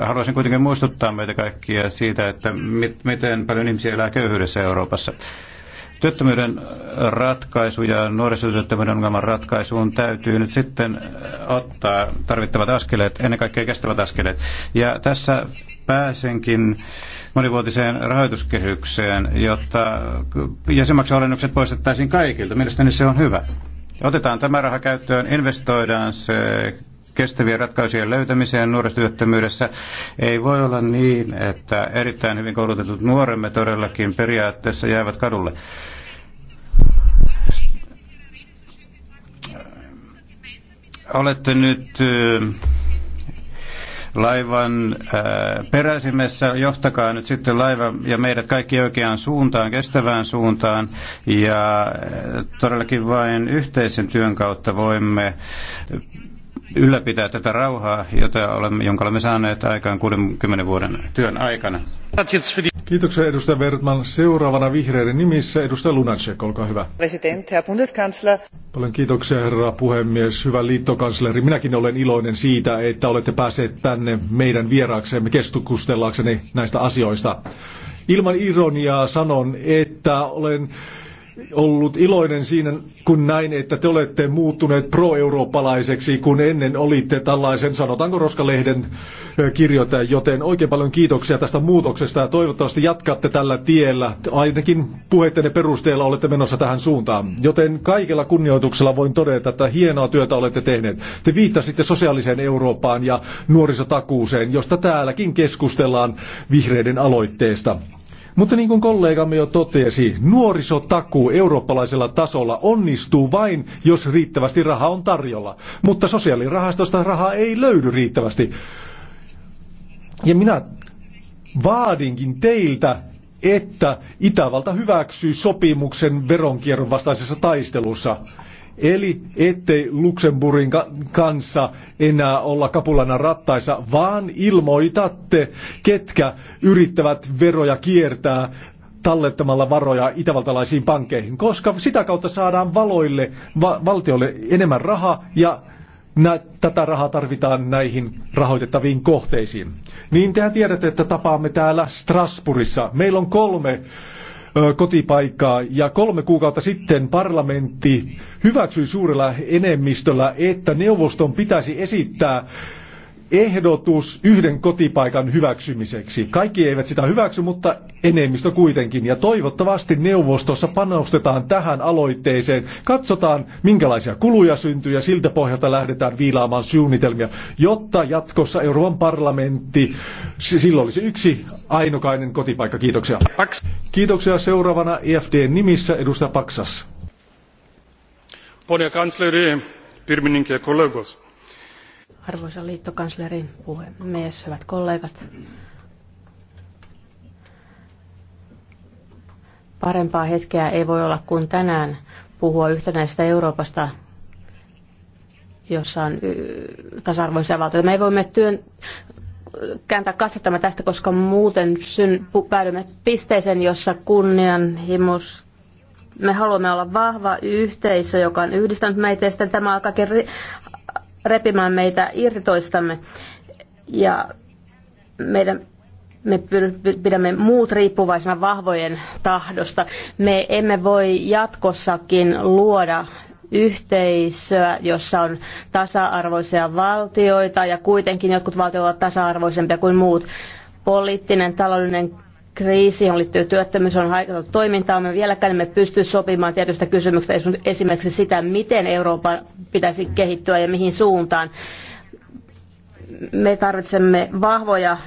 Haluaisin kuitenkin muistuttaa meitä kaikkia siitä, että mit, miten paljon ihmisiä elää köyhyydessä Euroopassa. Työttömyyden ratkaisu ja nuorisotyöttömyyden ongelman ratkaisuun täytyy nyt sitten ottaa tarvittavat askeleet, ennen kaikkea kestävät askeleet. Ja tässä pääsenkin monivuotiseen rahoituskehykseen, jotta jäsenmaksualennukset poistettaisiin kaikilta. Mielestäni se on hyvä. Otetaan tämä raha käyttöön, investoidaan se kestävien ratkaisujen löytämiseen nuorisotyöttömyydessä. Ei voi olla niin, että erittäin hyvin koulutetut nuoremme todellakin periaatteessa jäävät kadulle. Olette nyt laivan peräsimessä. Johtakaa nyt sitten laiva ja meidät kaikki oikeaan suuntaan, kestävään suuntaan. Ja todellakin vain yhteisen työn kautta voimme ylläpitää tätä rauhaa, jota olemme, jonka olemme saaneet aikaan 60 vuoden työn aikana. Kiitoksia edustaja Wertman. Seuraavana vihreiden nimissä edustaja Lunacek, olkaa hyvä. President, herr Bundeskanzler. Paljon kiitoksia herra puhemies, hyvä liittokansleri. Minäkin olen iloinen siitä, että olette päässeet tänne meidän vieraaksemme keskustellakseni näistä asioista. Ilman ironiaa sanon, että olen ollut iloinen siinä, kun näin, että te olette muuttuneet pro-eurooppalaiseksi, kun ennen olitte tällaisen, sanotaanko Roskalehden kirjoittaja, joten oikein paljon kiitoksia tästä muutoksesta ja toivottavasti jatkatte tällä tiellä. Ainakin puheittenne perusteella olette menossa tähän suuntaan. Joten kaikella kunnioituksella voin todeta, että hienoa työtä olette tehneet. Te viittasitte sosiaaliseen Eurooppaan ja nuorisotakuuseen, josta täälläkin keskustellaan vihreiden aloitteesta. Mutta niin kuin kollegamme jo totesi, nuorisotakuu eurooppalaisella tasolla onnistuu vain, jos riittävästi rahaa on tarjolla. Mutta sosiaalirahastosta rahaa ei löydy riittävästi. Ja minä vaadinkin teiltä, että Itävalta hyväksyy sopimuksen veronkierron vastaisessa taistelussa. Eli ettei Luxemburgin kanssa enää olla kapulana rattaissa, vaan ilmoitatte, ketkä yrittävät veroja kiertää tallettamalla varoja itävaltalaisiin pankkeihin, koska sitä kautta saadaan valoille, va- valtiolle enemmän rahaa ja nä- tätä rahaa tarvitaan näihin rahoitettaviin kohteisiin. Niin tehän tiedätte, että tapaamme täällä Strasbourgissa. Meillä on kolme kotipaikkaa. Ja kolme kuukautta sitten parlamentti hyväksyi suurella enemmistöllä, että neuvoston pitäisi esittää ehdotus yhden kotipaikan hyväksymiseksi. Kaikki eivät sitä hyväksy, mutta enemmistö kuitenkin. Ja toivottavasti neuvostossa panostetaan tähän aloitteeseen. Katsotaan, minkälaisia kuluja syntyy ja siltä pohjalta lähdetään viilaamaan suunnitelmia, jotta jatkossa Euroopan parlamentti, silloin olisi yksi ainokainen kotipaikka. Kiitoksia. Kiitoksia seuraavana EFDn nimissä edustaja Paksas. Pone kansleri, pirmininkė, kollegos. Arvoisa liittokansleri, puhemies, hyvät kollegat. Parempaa hetkeä ei voi olla kuin tänään puhua yhtenäisestä Euroopasta, jossa on tasa-arvoisia valtioita. Me ei voimme työn, kääntää katsottamaan tästä, koska muuten syn, päädymme pisteeseen, jossa kunnianhimus me haluamme olla vahva yhteisö, joka on yhdistänyt meitä, ja sitten tämä on kaiken repimään meitä irti toistamme. Ja meidän me pidämme muut riippuvaisena vahvojen tahdosta. Me emme voi jatkossakin luoda yhteisöä, jossa on tasa-arvoisia valtioita ja kuitenkin jotkut valtiot ovat tasa-arvoisempia kuin muut. Poliittinen, taloudellinen kriisi, johon liittyy työttömyys, on haikattu toimintaa. Me vieläkään emme pysty sopimaan tietystä kysymyksestä, esimerkiksi sitä, miten Euroopan pitäisi kehittyä ja mihin suuntaan me tarvitsemme vahvoja,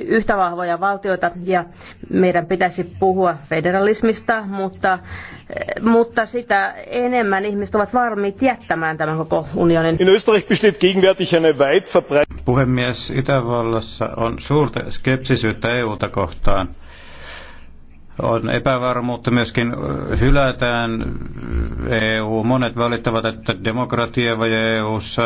yhtä vahvoja valtioita ja meidän pitäisi puhua federalismista, mutta, eh, mutta sitä enemmän ihmiset ovat valmiit jättämään tämän koko unionin. In Österreich besteht gegenwärtig eine weit Puhemies, Itävallassa on suurta skepsisyyttä EU-ta kohtaan on epävarmuutta, myöskin hylätään EU. Monet valittavat, että vai EU-ssa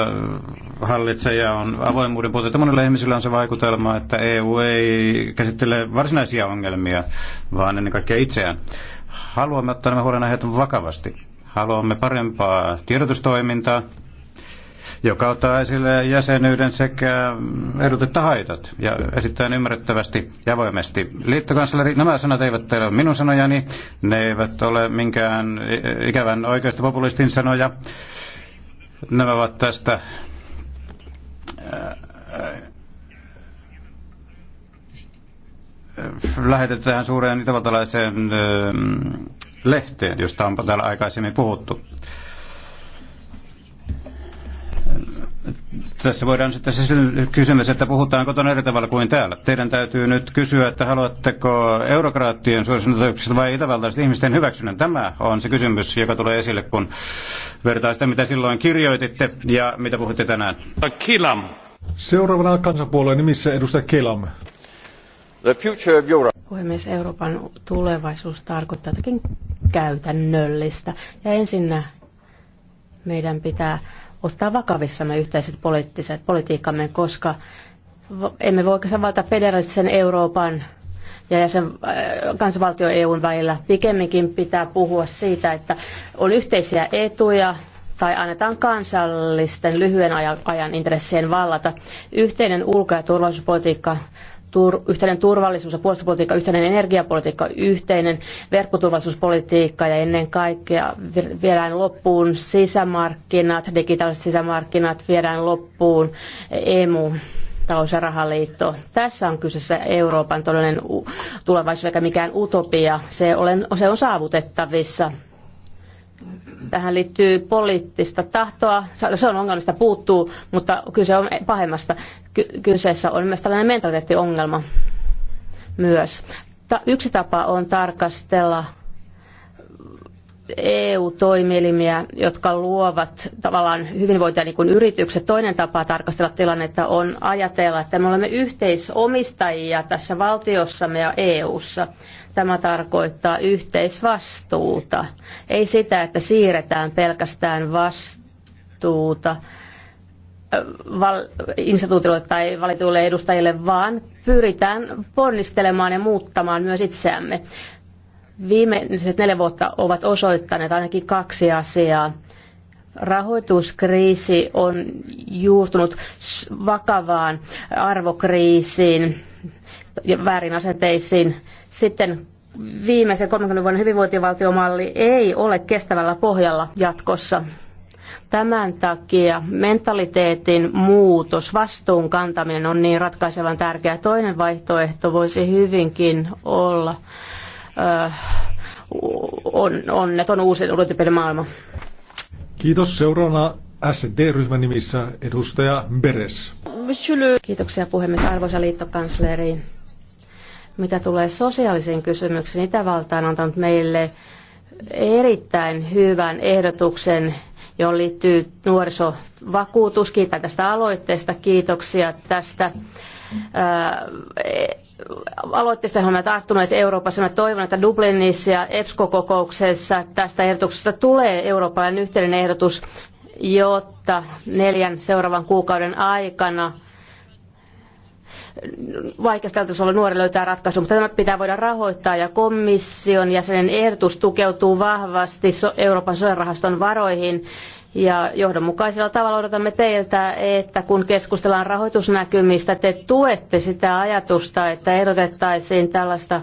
hallitseja on avoimuuden puutetta. Monilla ihmisillä on se vaikutelma, että EU ei käsittele varsinaisia ongelmia, vaan ennen kaikkea itseään. Haluamme ottaa nämä huolenaiheet vakavasti. Haluamme parempaa tiedotustoimintaa, joka ottaa esille jäsenyyden sekä ehdotetta haitat ja esittää ymmärrettävästi ja avoimesti. Liittokansleri, nämä sanat eivät ole minun sanojani, ne eivät ole minkään ikävän oikeista populistin sanoja. Nämä ovat tästä äh, äh, lähetetään suureen itävaltalaiseen ähm, lehteen, josta on täällä aikaisemmin puhuttu tässä voidaan sitten se kysymys, että puhutaanko on eri tavalla kuin täällä. Teidän täytyy nyt kysyä, että haluatteko eurokraattien suosinnotukset vai itävaltaisten ihmisten hyväksynnän. Tämä on se kysymys, joka tulee esille, kun vertaa sitä, mitä silloin kirjoititte ja mitä puhutte tänään. Kilam. Seuraavana kansanpuolueen nimissä edustaja Kilam. The future of Europe. Puhemies, Euroopan tulevaisuus tarkoittaa jotakin käytännöllistä. Ja ensinnä meidän pitää ottaa vakavissamme yhteiset poliittiset politiikkamme, koska emme voi oikeastaan valita federalistisen Euroopan ja jäsen, äh, kansanvaltio EUn välillä. Pikemminkin pitää puhua siitä, että on yhteisiä etuja tai annetaan kansallisten lyhyen ajan, ajan intressien vallata. Yhteinen ulko- ja turvallisuuspolitiikka tur, yhteinen turvallisuus- ja puolustuspolitiikka, yhteinen energiapolitiikka, yhteinen verkkoturvallisuuspolitiikka ja ennen kaikkea viedään loppuun sisämarkkinat, digitaaliset sisämarkkinat, viedään loppuun EMU talous- ja rahaliitto. Tässä on kyseessä Euroopan todellinen tulevaisuus eikä mikään utopia. Se, olen, se on saavutettavissa Tähän liittyy poliittista tahtoa, se on ongelmista, puuttuu, mutta kyse on pahemmasta. Ky- kyseessä on myös tällainen mentaliteettiongelma myös. Ta- yksi tapa on tarkastella EU-toimielimiä, jotka luovat tavallaan hyvinvointia niin kuin yritykset. Toinen tapa tarkastella tilannetta on ajatella, että me olemme yhteisomistajia tässä valtiossamme ja EU:ssa. ssa Tämä tarkoittaa yhteisvastuuta, ei sitä, että siirretään pelkästään vastuuta val- instituutioille tai valituille edustajille, vaan pyritään ponnistelemaan ja muuttamaan myös itseämme. Viimeiset neljä vuotta ovat osoittaneet ainakin kaksi asiaa rahoituskriisi on juurtunut vakavaan arvokriisiin ja väärin asenteisiin sitten viimeisen 30 vuoden hyvinvointivaltiomalli ei ole kestävällä pohjalla jatkossa. Tämän takia mentaliteetin muutos, vastuun kantaminen on niin ratkaisevan tärkeä. Toinen vaihtoehto voisi hyvinkin olla äh, on, onneton uusi uudentyyppinen maailma. Kiitos. Seuraavana SD-ryhmän nimissä edustaja Beres. Kiitoksia puhemies arvoisa liittokansleri. Mitä tulee sosiaalisiin kysymyksiin, Itävalta on antanut meille erittäin hyvän ehdotuksen, johon liittyy nuorisovakuutus. Kiitän tästä aloitteesta. Kiitoksia tästä aloitteesta olemme tarttuneet Euroopassa. Mä toivon, että Dublinissa ja EPSCO-kokouksessa tästä ehdotuksesta tulee eurooppalainen yhteinen ehdotus, jotta neljän seuraavan kuukauden aikana vaikeasta tältä olla nuori löytää ratkaisu, mutta tämä pitää voida rahoittaa ja komission jäsenen ehdotus tukeutuu vahvasti Euroopan sosiaalirahaston varoihin. Ja johdonmukaisella tavalla odotamme teiltä, että kun keskustellaan rahoitusnäkymistä, te tuette sitä ajatusta, että ehdotettaisiin tällaista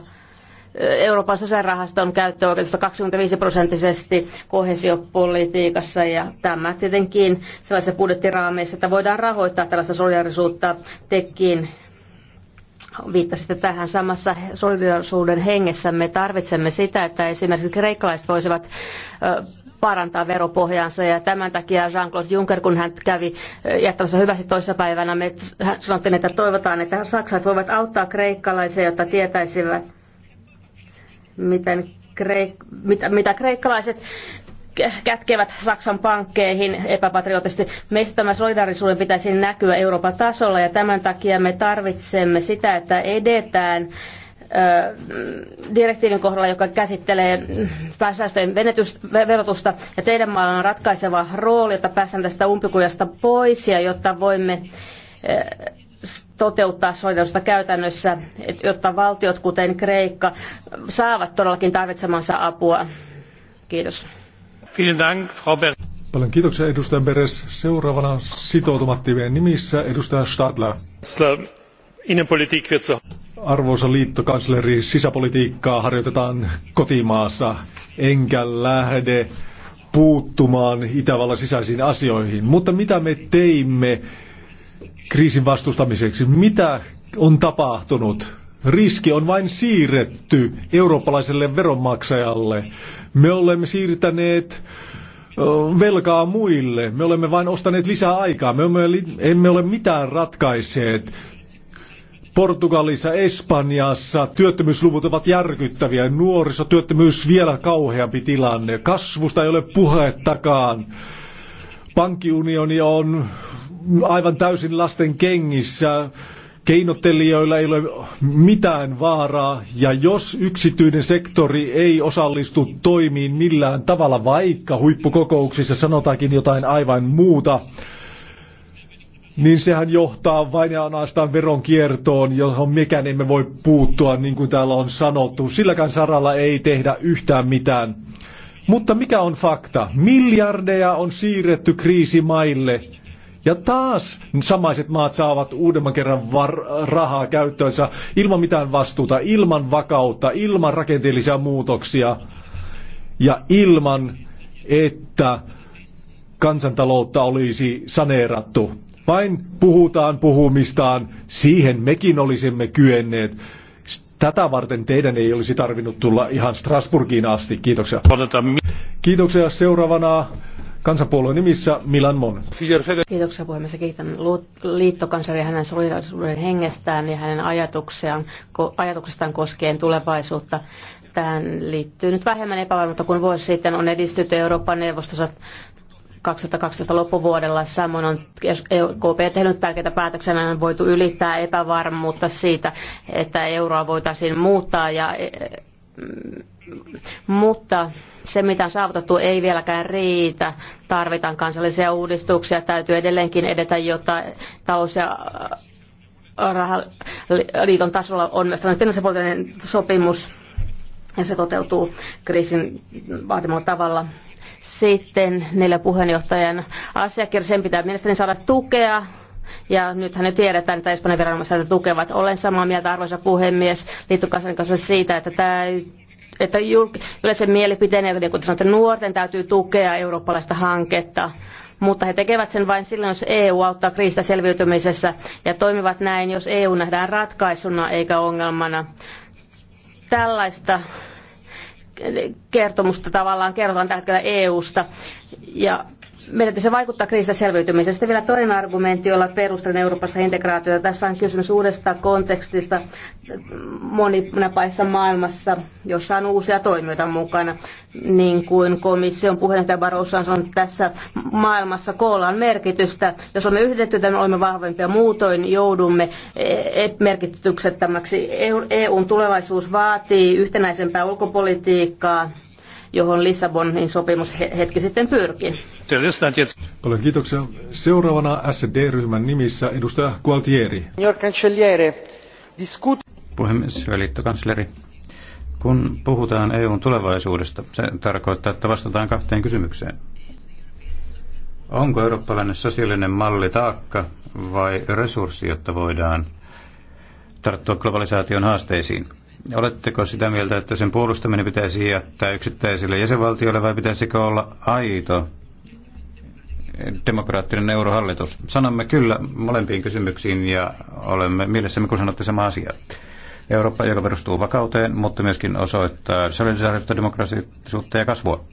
Euroopan sosiaalirahaston käyttöoikeudesta 25 prosenttisesti kohesiopolitiikassa ja tämä tietenkin sellaisessa budjettiraameissa, että voidaan rahoittaa tällaista solidarisuutta tekin viittasitte tähän samassa solidarisuuden hengessä. Me tarvitsemme sitä, että esimerkiksi kreikkalaiset voisivat parantaa veropohjaansa ja tämän takia Jean-Claude Juncker, kun hän kävi jättämässä hyvästi toissapäivänä, me sanottiin, että toivotaan, että saksalaiset voivat auttaa kreikkalaisia, jotta tietäisivät, miten Kreik- mitä, mitä kreikkalaiset kätkevät Saksan pankkeihin epäpatriotisesti. Meistä tämä solidarisuuden pitäisi näkyä Euroopan tasolla ja tämän takia me tarvitsemme sitä, että edetään direktiivin kohdalla, joka käsittelee päästöjen verotusta. Ja teidän maalla on ratkaiseva rooli, jotta päästään tästä umpikujasta pois ja jotta voimme toteuttaa solidarisuutta käytännössä, jotta valtiot, kuten Kreikka, saavat todellakin tarvitsemansa apua. Kiitos. Paljon kiitoksia edustaja Beres. Seuraavana sitoutumattivien nimissä edustaja Stadler. Arvoisa liittokansleri, sisäpolitiikkaa harjoitetaan kotimaassa, enkä lähde puuttumaan Itävallan sisäisiin asioihin. Mutta mitä me teimme kriisin vastustamiseksi? Mitä on tapahtunut? riski on vain siirretty eurooppalaiselle veronmaksajalle. Me olemme siirtäneet velkaa muille. Me olemme vain ostaneet lisää aikaa. Me emme ole mitään ratkaiseet. Portugalissa, Espanjassa työttömyysluvut ovat järkyttäviä. Nuorisotyöttömyys vielä kauheampi tilanne. Kasvusta ei ole puhettakaan. Pankkiunioni on aivan täysin lasten kengissä keinottelijoilla ei ole mitään vaaraa, ja jos yksityinen sektori ei osallistu toimiin millään tavalla, vaikka huippukokouksissa sanotaankin jotain aivan muuta, niin sehän johtaa vain ja ainoastaan veronkiertoon, johon mekään emme voi puuttua, niin kuin täällä on sanottu. Silläkään saralla ei tehdä yhtään mitään. Mutta mikä on fakta? Miljardeja on siirretty kriisimaille – ja taas samaiset maat saavat uudemman kerran var- rahaa käyttöönsä ilman mitään vastuuta, ilman vakautta, ilman rakenteellisia muutoksia ja ilman, että kansantaloutta olisi saneerattu. Vain puhutaan puhumistaan, siihen mekin olisimme kyenneet. Tätä varten teidän ei olisi tarvinnut tulla ihan Strasburgiin asti. Kiitoksia. Kiitoksia. Seuraavana Kansanpuolueen nimissä Milan Mon. Kiitoksia puhemies kiitän liittokansleri hänen solidaarisuuden hengestään ja hänen ajatuksiaan, ajatuksestaan koskien tulevaisuutta. Tähän liittyy nyt vähemmän epävarmuutta kuin vuosi sitten on edistytty Euroopan neuvostossa 2012 loppuvuodella. Samoin on KP e tehnyt tärkeitä päätöksiä, on voitu ylittää epävarmuutta siitä, että euroa voitaisiin muuttaa ja e- mutta se, mitä on saavutettu, ei vieläkään riitä. Tarvitaan kansallisia uudistuksia, täytyy edelleenkin edetä, jotta talous- ja äh, rahaliiton tasolla on myös tällainen finanssipoliittinen sopimus, ja se toteutuu kriisin vaatimalla tavalla. Sitten neljä puheenjohtajan asiakirja, sen pitää mielestäni saada tukea ja nythän ne tiedetään, että Espanjan viranomaiset tätä tukevat. Olen samaa mieltä, arvoisa puhemies, liittokanslerin kanssa siitä, että täytyy että yleisen mielipiteen, ja kuten sanotte, nuorten täytyy tukea eurooppalaista hanketta, mutta he tekevät sen vain silloin, jos EU auttaa kriisistä selviytymisessä ja toimivat näin, jos EU nähdään ratkaisuna eikä ongelmana. Tällaista kertomusta tavallaan kerrotaan tällä hetkellä EUsta ja meidän pitäisi vaikuttaa kriisistä selviytymiseen. Sitten vielä toinen argumentti, jolla perustelen Euroopassa integraatiota. Tässä on kysymys uudesta kontekstista monipaissa maailmassa, jossa on uusia toimijoita mukana. Niin kuin komission puheenjohtaja Barossa on sanonut, tässä maailmassa koolla on merkitystä. Jos olemme yhdetty niin olemme vahvempia. Muutoin joudumme e- merkityksettömäksi. EUn e tulevaisuus vaatii yhtenäisempää ulkopolitiikkaa johon Lissabonin sopimus hetki sitten pyrkii. Paljon kiitoksia. Seuraavana SD-ryhmän nimissä edustaja Gualtieri. Puhemies, hyvä liittokansleri. Kun puhutaan EUn tulevaisuudesta, se tarkoittaa, että vastataan kahteen kysymykseen. Onko eurooppalainen sosiaalinen malli taakka vai resurssi, jotta voidaan tarttua globalisaation haasteisiin? Oletteko sitä mieltä, että sen puolustaminen pitäisi jättää yksittäisille jäsenvaltioille vai pitäisikö olla aito demokraattinen eurohallitus? Sanomme kyllä molempiin kysymyksiin ja olemme mielessämme, kun sanotte sama asia. Eurooppa, joka perustuu vakauteen, mutta myöskin osoittaa solidaarisuutta, demokraattisuutta ja kasvua.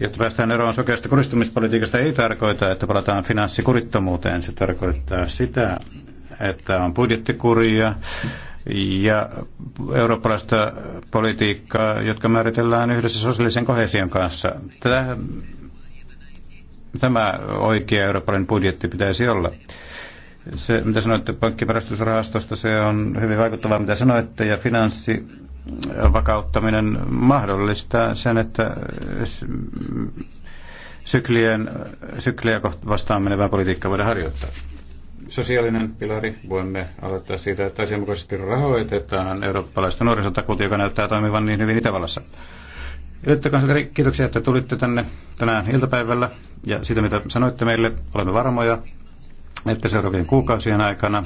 Jotta päästään eroon sokeasta kuristumispolitiikasta ei tarkoita, että palataan finanssikurittomuuteen. Se tarkoittaa sitä, että on budjettikuria, ja eurooppalaista politiikkaa, jotka määritellään yhdessä sosiaalisen kohesion kanssa. Tätä, tämä oikea eurooppalainen budjetti pitäisi olla. Se, mitä sanoitte pankkiperustusrahastosta, se on hyvin vaikuttavaa, mitä sanoitte, ja finanssi vakauttaminen mahdollistaa sen, että syklien, sykliä vastaan menevää politiikkaa voidaan harjoittaa sosiaalinen pilari. Voimme aloittaa siitä, että asianmukaisesti rahoitetaan eurooppalaista nuorisotakuuta, joka näyttää toimivan niin hyvin Itävallassa. Ylittökansleri, kiitoksia, että tulitte tänne tänään iltapäivällä ja siitä, mitä sanoitte meille. Olemme varmoja, että seuraavien kuukausien aikana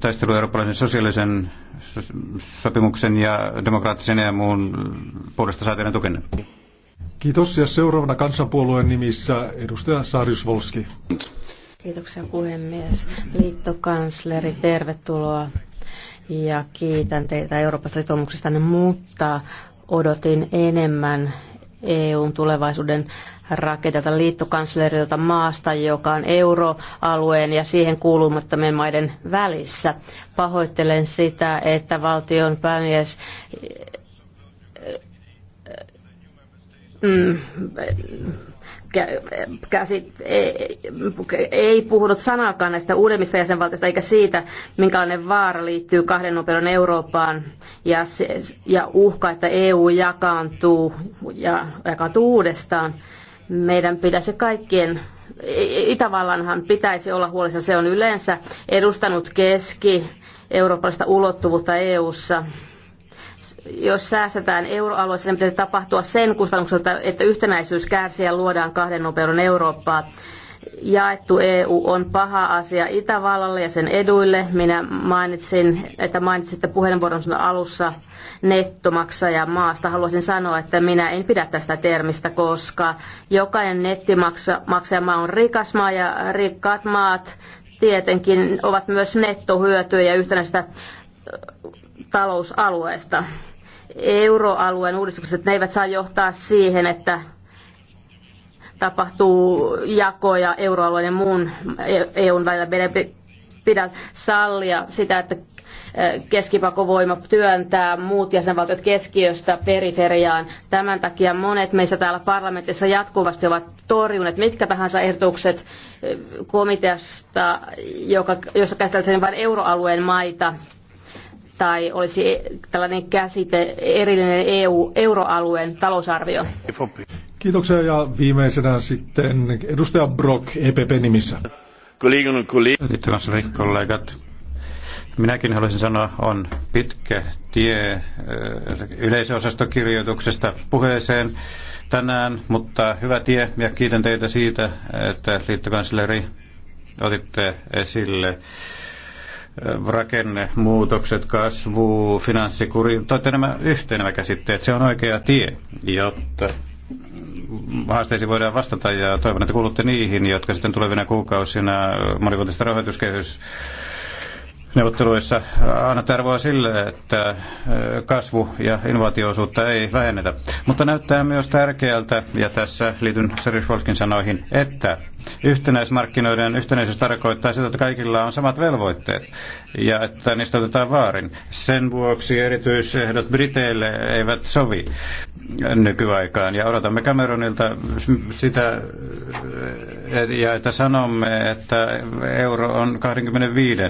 taistelu eurooppalaisen sosiaalisen sopimuksen ja demokraattisen ja muun puolesta saatiin tukenne. Kiitos ja seuraavana kansanpuolueen nimissä edustaja Sarius Volski. Kiitoksia puhemies. Liittokansleri, tervetuloa ja kiitän teitä Euroopan sitoumuksistanne, mutta odotin enemmän EUn tulevaisuuden rakenteelta liittokanslerilta maasta, joka on euroalueen ja siihen kuulumattomien maiden välissä. Pahoittelen sitä, että valtion päämies Mm, käsit, ei, ei puhunut sanaakaan näistä uudemmista jäsenvaltioista eikä siitä, minkälainen vaara liittyy kahden nopeuden Eurooppaan ja, se, ja uhka, että EU jakaantuu ja jakaantuu uudestaan. Meidän pitäisi kaikkien Itävallanhan pitäisi olla huolissa. Se on yleensä edustanut keski eurooppalaista ulottuvuutta EU:ssa. ssa jos säästetään euroalueessa, niin pitäisi tapahtua sen kustannuksella, että yhtenäisyys kärsii ja luodaan kahden nopeuden Eurooppaa. Jaettu EU on paha asia Itävallalle ja sen eduille. Minä mainitsin, että mainitsitte puheenvuoron alussa nettomaksaja maasta. Haluaisin sanoa, että minä en pidä tästä termistä, koska jokainen maa on rikas maa ja rikkaat maat tietenkin ovat myös nettohyötyjä yhtenäistä talousalueesta euroalueen uudistukset ne eivät saa johtaa siihen, että tapahtuu jakoja euroalueen ja muun e-, EUn välillä. Meidän pidä sallia sitä, että keskipakovoima työntää muut jäsenvaltiot keskiöstä periferiaan. Tämän takia monet meistä täällä parlamentissa jatkuvasti ovat torjuneet mitkä tahansa ehdotukset komiteasta, joka, jossa käsitellään vain euroalueen maita tai olisi tällainen käsite erillinen EU, euroalueen talousarvio. Kiitoksia ja viimeisenä sitten edustaja Brock EPP-nimissä. kollegat, Minäkin haluaisin sanoa, on pitkä tie eh, yleisöosastokirjoituksesta puheeseen tänään, mutta hyvä tie ja kiitän teitä siitä, että liittokansleri otitte esille rakennemuutokset, kasvu, finanssikuri, toitte nämä yhteen nämä käsitteet, se on oikea tie, jotta haasteisiin voidaan vastata ja toivon, että kuulutte niihin, jotka sitten tulevina kuukausina monivuotista rahoituskehys neuvotteluissa äh, annat arvoa sille, että äh, kasvu- ja innovaatioosuutta ei vähennetä. Mutta näyttää myös tärkeältä, ja tässä liityn Serifvolskin sanoihin, että yhtenäismarkkinoiden yhtenäisyys tarkoittaa sitä, että kaikilla on samat velvoitteet ja että niistä otetaan vaarin. Sen vuoksi erityisehdot Briteille eivät sovi nykyaikaan ja odotamme Cameronilta sitä äh, ja että sanomme, että euro on 25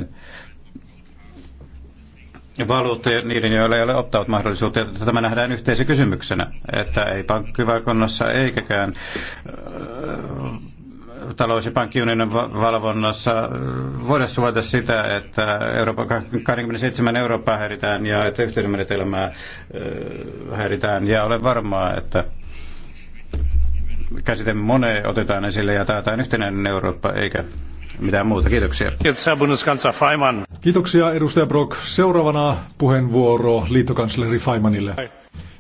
valuutta ja niiden, joilla ei ole ottanut mahdollisuutta. Että tämä nähdään kysymyksenä, että ei pankkivalkonnassa eikäkään äh, talous- ja pankkiunionin valvonnassa voida suvata sitä, että Euroopan 27 Eurooppaa häiritään ja että yhteisömenetelmää äh, häiritään. Ja olen varmaa, että käsite mone otetaan esille ja taataan yhtenäinen Eurooppa, eikä mitään muuta. Kiitoksia. Kiitoksia edustaja Brock. Seuraavana puheenvuoro liittokansleri Feynmanille.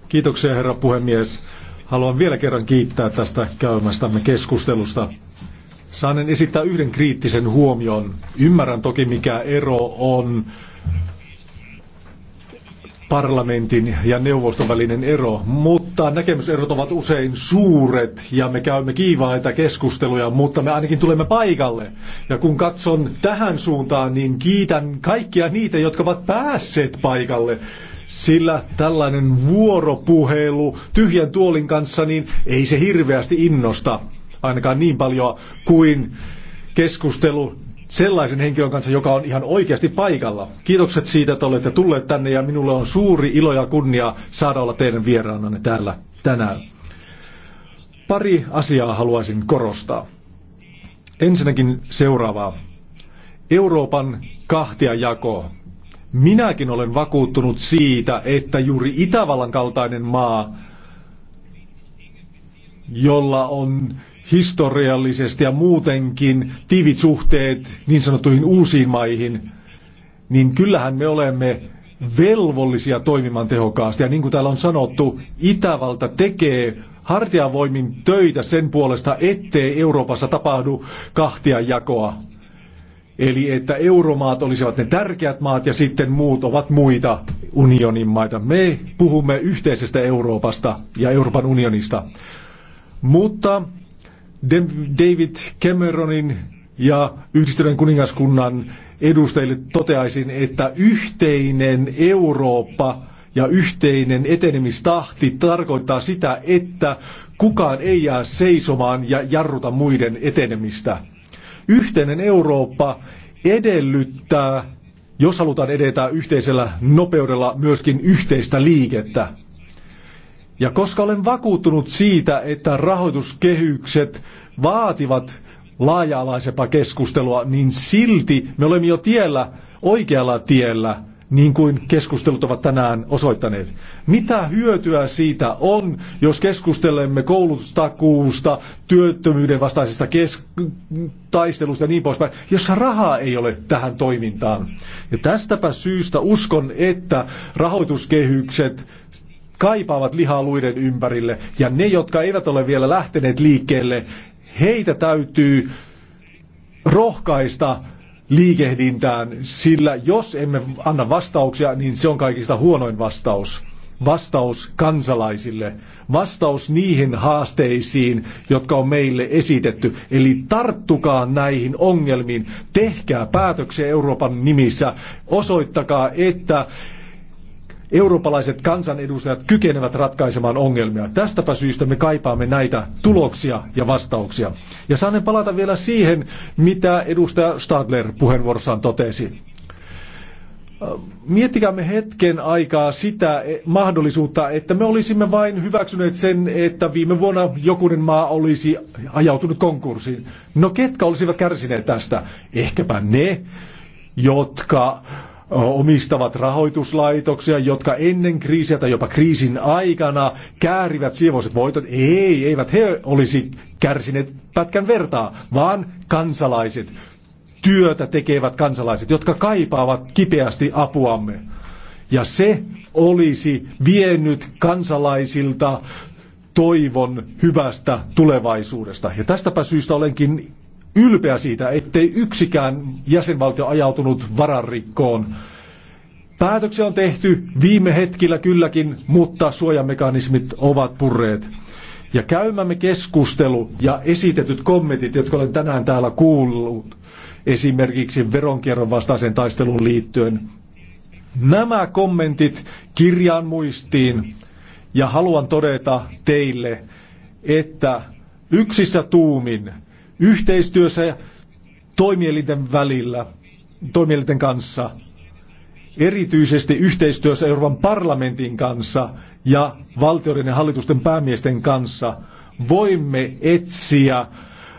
Kiitoksia herra puhemies. Haluan vielä kerran kiittää tästä käymästämme keskustelusta. Saanen esittää yhden kriittisen huomion. Ymmärrän toki mikä ero on parlamentin ja neuvoston välinen ero, mutta näkemyserot ovat usein suuret ja me käymme kiivaita keskusteluja, mutta me ainakin tulemme paikalle. Ja kun katson tähän suuntaan, niin kiitän kaikkia niitä, jotka ovat päässeet paikalle. Sillä tällainen vuoropuhelu tyhjän tuolin kanssa, niin ei se hirveästi innosta, ainakaan niin paljon kuin keskustelu sellaisen henkilön kanssa, joka on ihan oikeasti paikalla. Kiitokset siitä, että olette tulleet tänne ja minulle on suuri ilo ja kunnia saada olla teidän vieraananne täällä tänään. Pari asiaa haluaisin korostaa. Ensinnäkin seuraavaa. Euroopan kahtiajako. Minäkin olen vakuuttunut siitä, että juuri Itävallan kaltainen maa, jolla on historiallisesti ja muutenkin tiivit suhteet niin sanottuihin uusiin maihin, niin kyllähän me olemme velvollisia toimimaan tehokkaasti. Ja niin kuin täällä on sanottu, Itävalta tekee hartiavoimin töitä sen puolesta, ettei Euroopassa tapahdu kahtia jakoa. Eli että euromaat olisivat ne tärkeät maat ja sitten muut ovat muita unionin maita. Me puhumme yhteisestä Euroopasta ja Euroopan unionista. Mutta David Cameronin ja yhdistyneen kuningaskunnan edustajille toteaisin, että yhteinen Eurooppa ja yhteinen etenemistahti tarkoittaa sitä, että kukaan ei jää seisomaan ja jarruta muiden etenemistä. Yhteinen Eurooppa edellyttää, jos halutaan edetä yhteisellä nopeudella, myöskin yhteistä liikettä. Ja koska olen vakuuttunut siitä, että rahoituskehykset vaativat laaja-alaisempaa keskustelua, niin silti me olemme jo tiellä, oikealla tiellä, niin kuin keskustelut ovat tänään osoittaneet. Mitä hyötyä siitä on, jos keskustelemme koulutustakuusta, työttömyyden vastaisesta taistelusta ja niin poispäin, jossa rahaa ei ole tähän toimintaan. Ja tästäpä syystä uskon, että rahoituskehykset kaipaavat lihaa luiden ympärille. Ja ne, jotka eivät ole vielä lähteneet liikkeelle, heitä täytyy rohkaista liikehdintään, sillä jos emme anna vastauksia, niin se on kaikista huonoin vastaus. Vastaus kansalaisille, vastaus niihin haasteisiin, jotka on meille esitetty. Eli tarttukaa näihin ongelmiin, tehkää päätöksiä Euroopan nimissä, osoittakaa, että eurooppalaiset kansanedustajat kykenevät ratkaisemaan ongelmia. Tästäpä syystä me kaipaamme näitä tuloksia ja vastauksia. Ja saanen palata vielä siihen, mitä edustaja Stadler puheenvuorossaan totesi. Miettikäämme hetken aikaa sitä e, mahdollisuutta, että me olisimme vain hyväksyneet sen, että viime vuonna jokunen maa olisi ajautunut konkurssiin. No ketkä olisivat kärsineet tästä? Ehkäpä ne, jotka äh, omistavat rahoituslaitoksia, jotka ennen kriisiä tai jopa kriisin aikana käärivät sievoiset voitot. Ei, eivät he olisi kärsineet pätkän vertaa, vaan kansalaiset, työtä tekevät kansalaiset, jotka kaipaavat kipeästi apuamme. Ja se olisi vienyt kansalaisilta toivon hyvästä tulevaisuudesta. Ja tästäpä syystä olenkin ylpeä siitä, ettei yksikään jäsenvaltio ajautunut vararikkoon. Päätöksiä on tehty viime hetkillä kylläkin, mutta suojamekanismit ovat purreet. Ja käymämme keskustelu ja esitetyt kommentit, jotka olen tänään täällä kuullut, esimerkiksi veronkierron vastaisen taistelun liittyen, nämä kommentit kirjaan muistiin ja haluan todeta teille, että yksissä tuumin yhteistyössä toimielinten välillä, toimielinten kanssa, erityisesti yhteistyössä Euroopan parlamentin kanssa ja valtioiden ja hallitusten päämiesten kanssa, voimme etsiä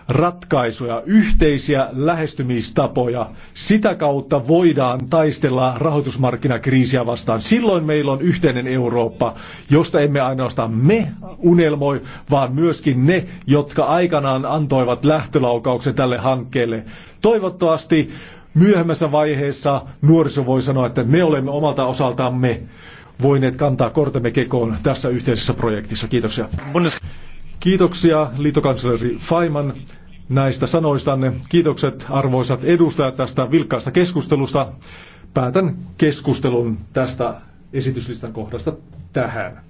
ratkaisuja, yhteisiä lähestymistapoja. Sitä kautta voidaan taistella rahoitusmarkkinakriisiä vastaan. Silloin meillä on yhteinen Eurooppa, josta emme ainoastaan me unelmoi, vaan myöskin ne, jotka aikanaan antoivat lähtölaukauksen tälle hankkeelle. Toivottavasti myöhemmässä vaiheessa nuoriso voi sanoa, että me olemme omalta osaltamme voineet kantaa kortemme kekoon tässä yhteisessä projektissa. Kiitoksia. Kiitoksia liittokansleri Faiman näistä sanoistanne. Kiitokset arvoisat edustajat tästä vilkkaasta keskustelusta. Päätän keskustelun tästä esityslistan kohdasta tähän.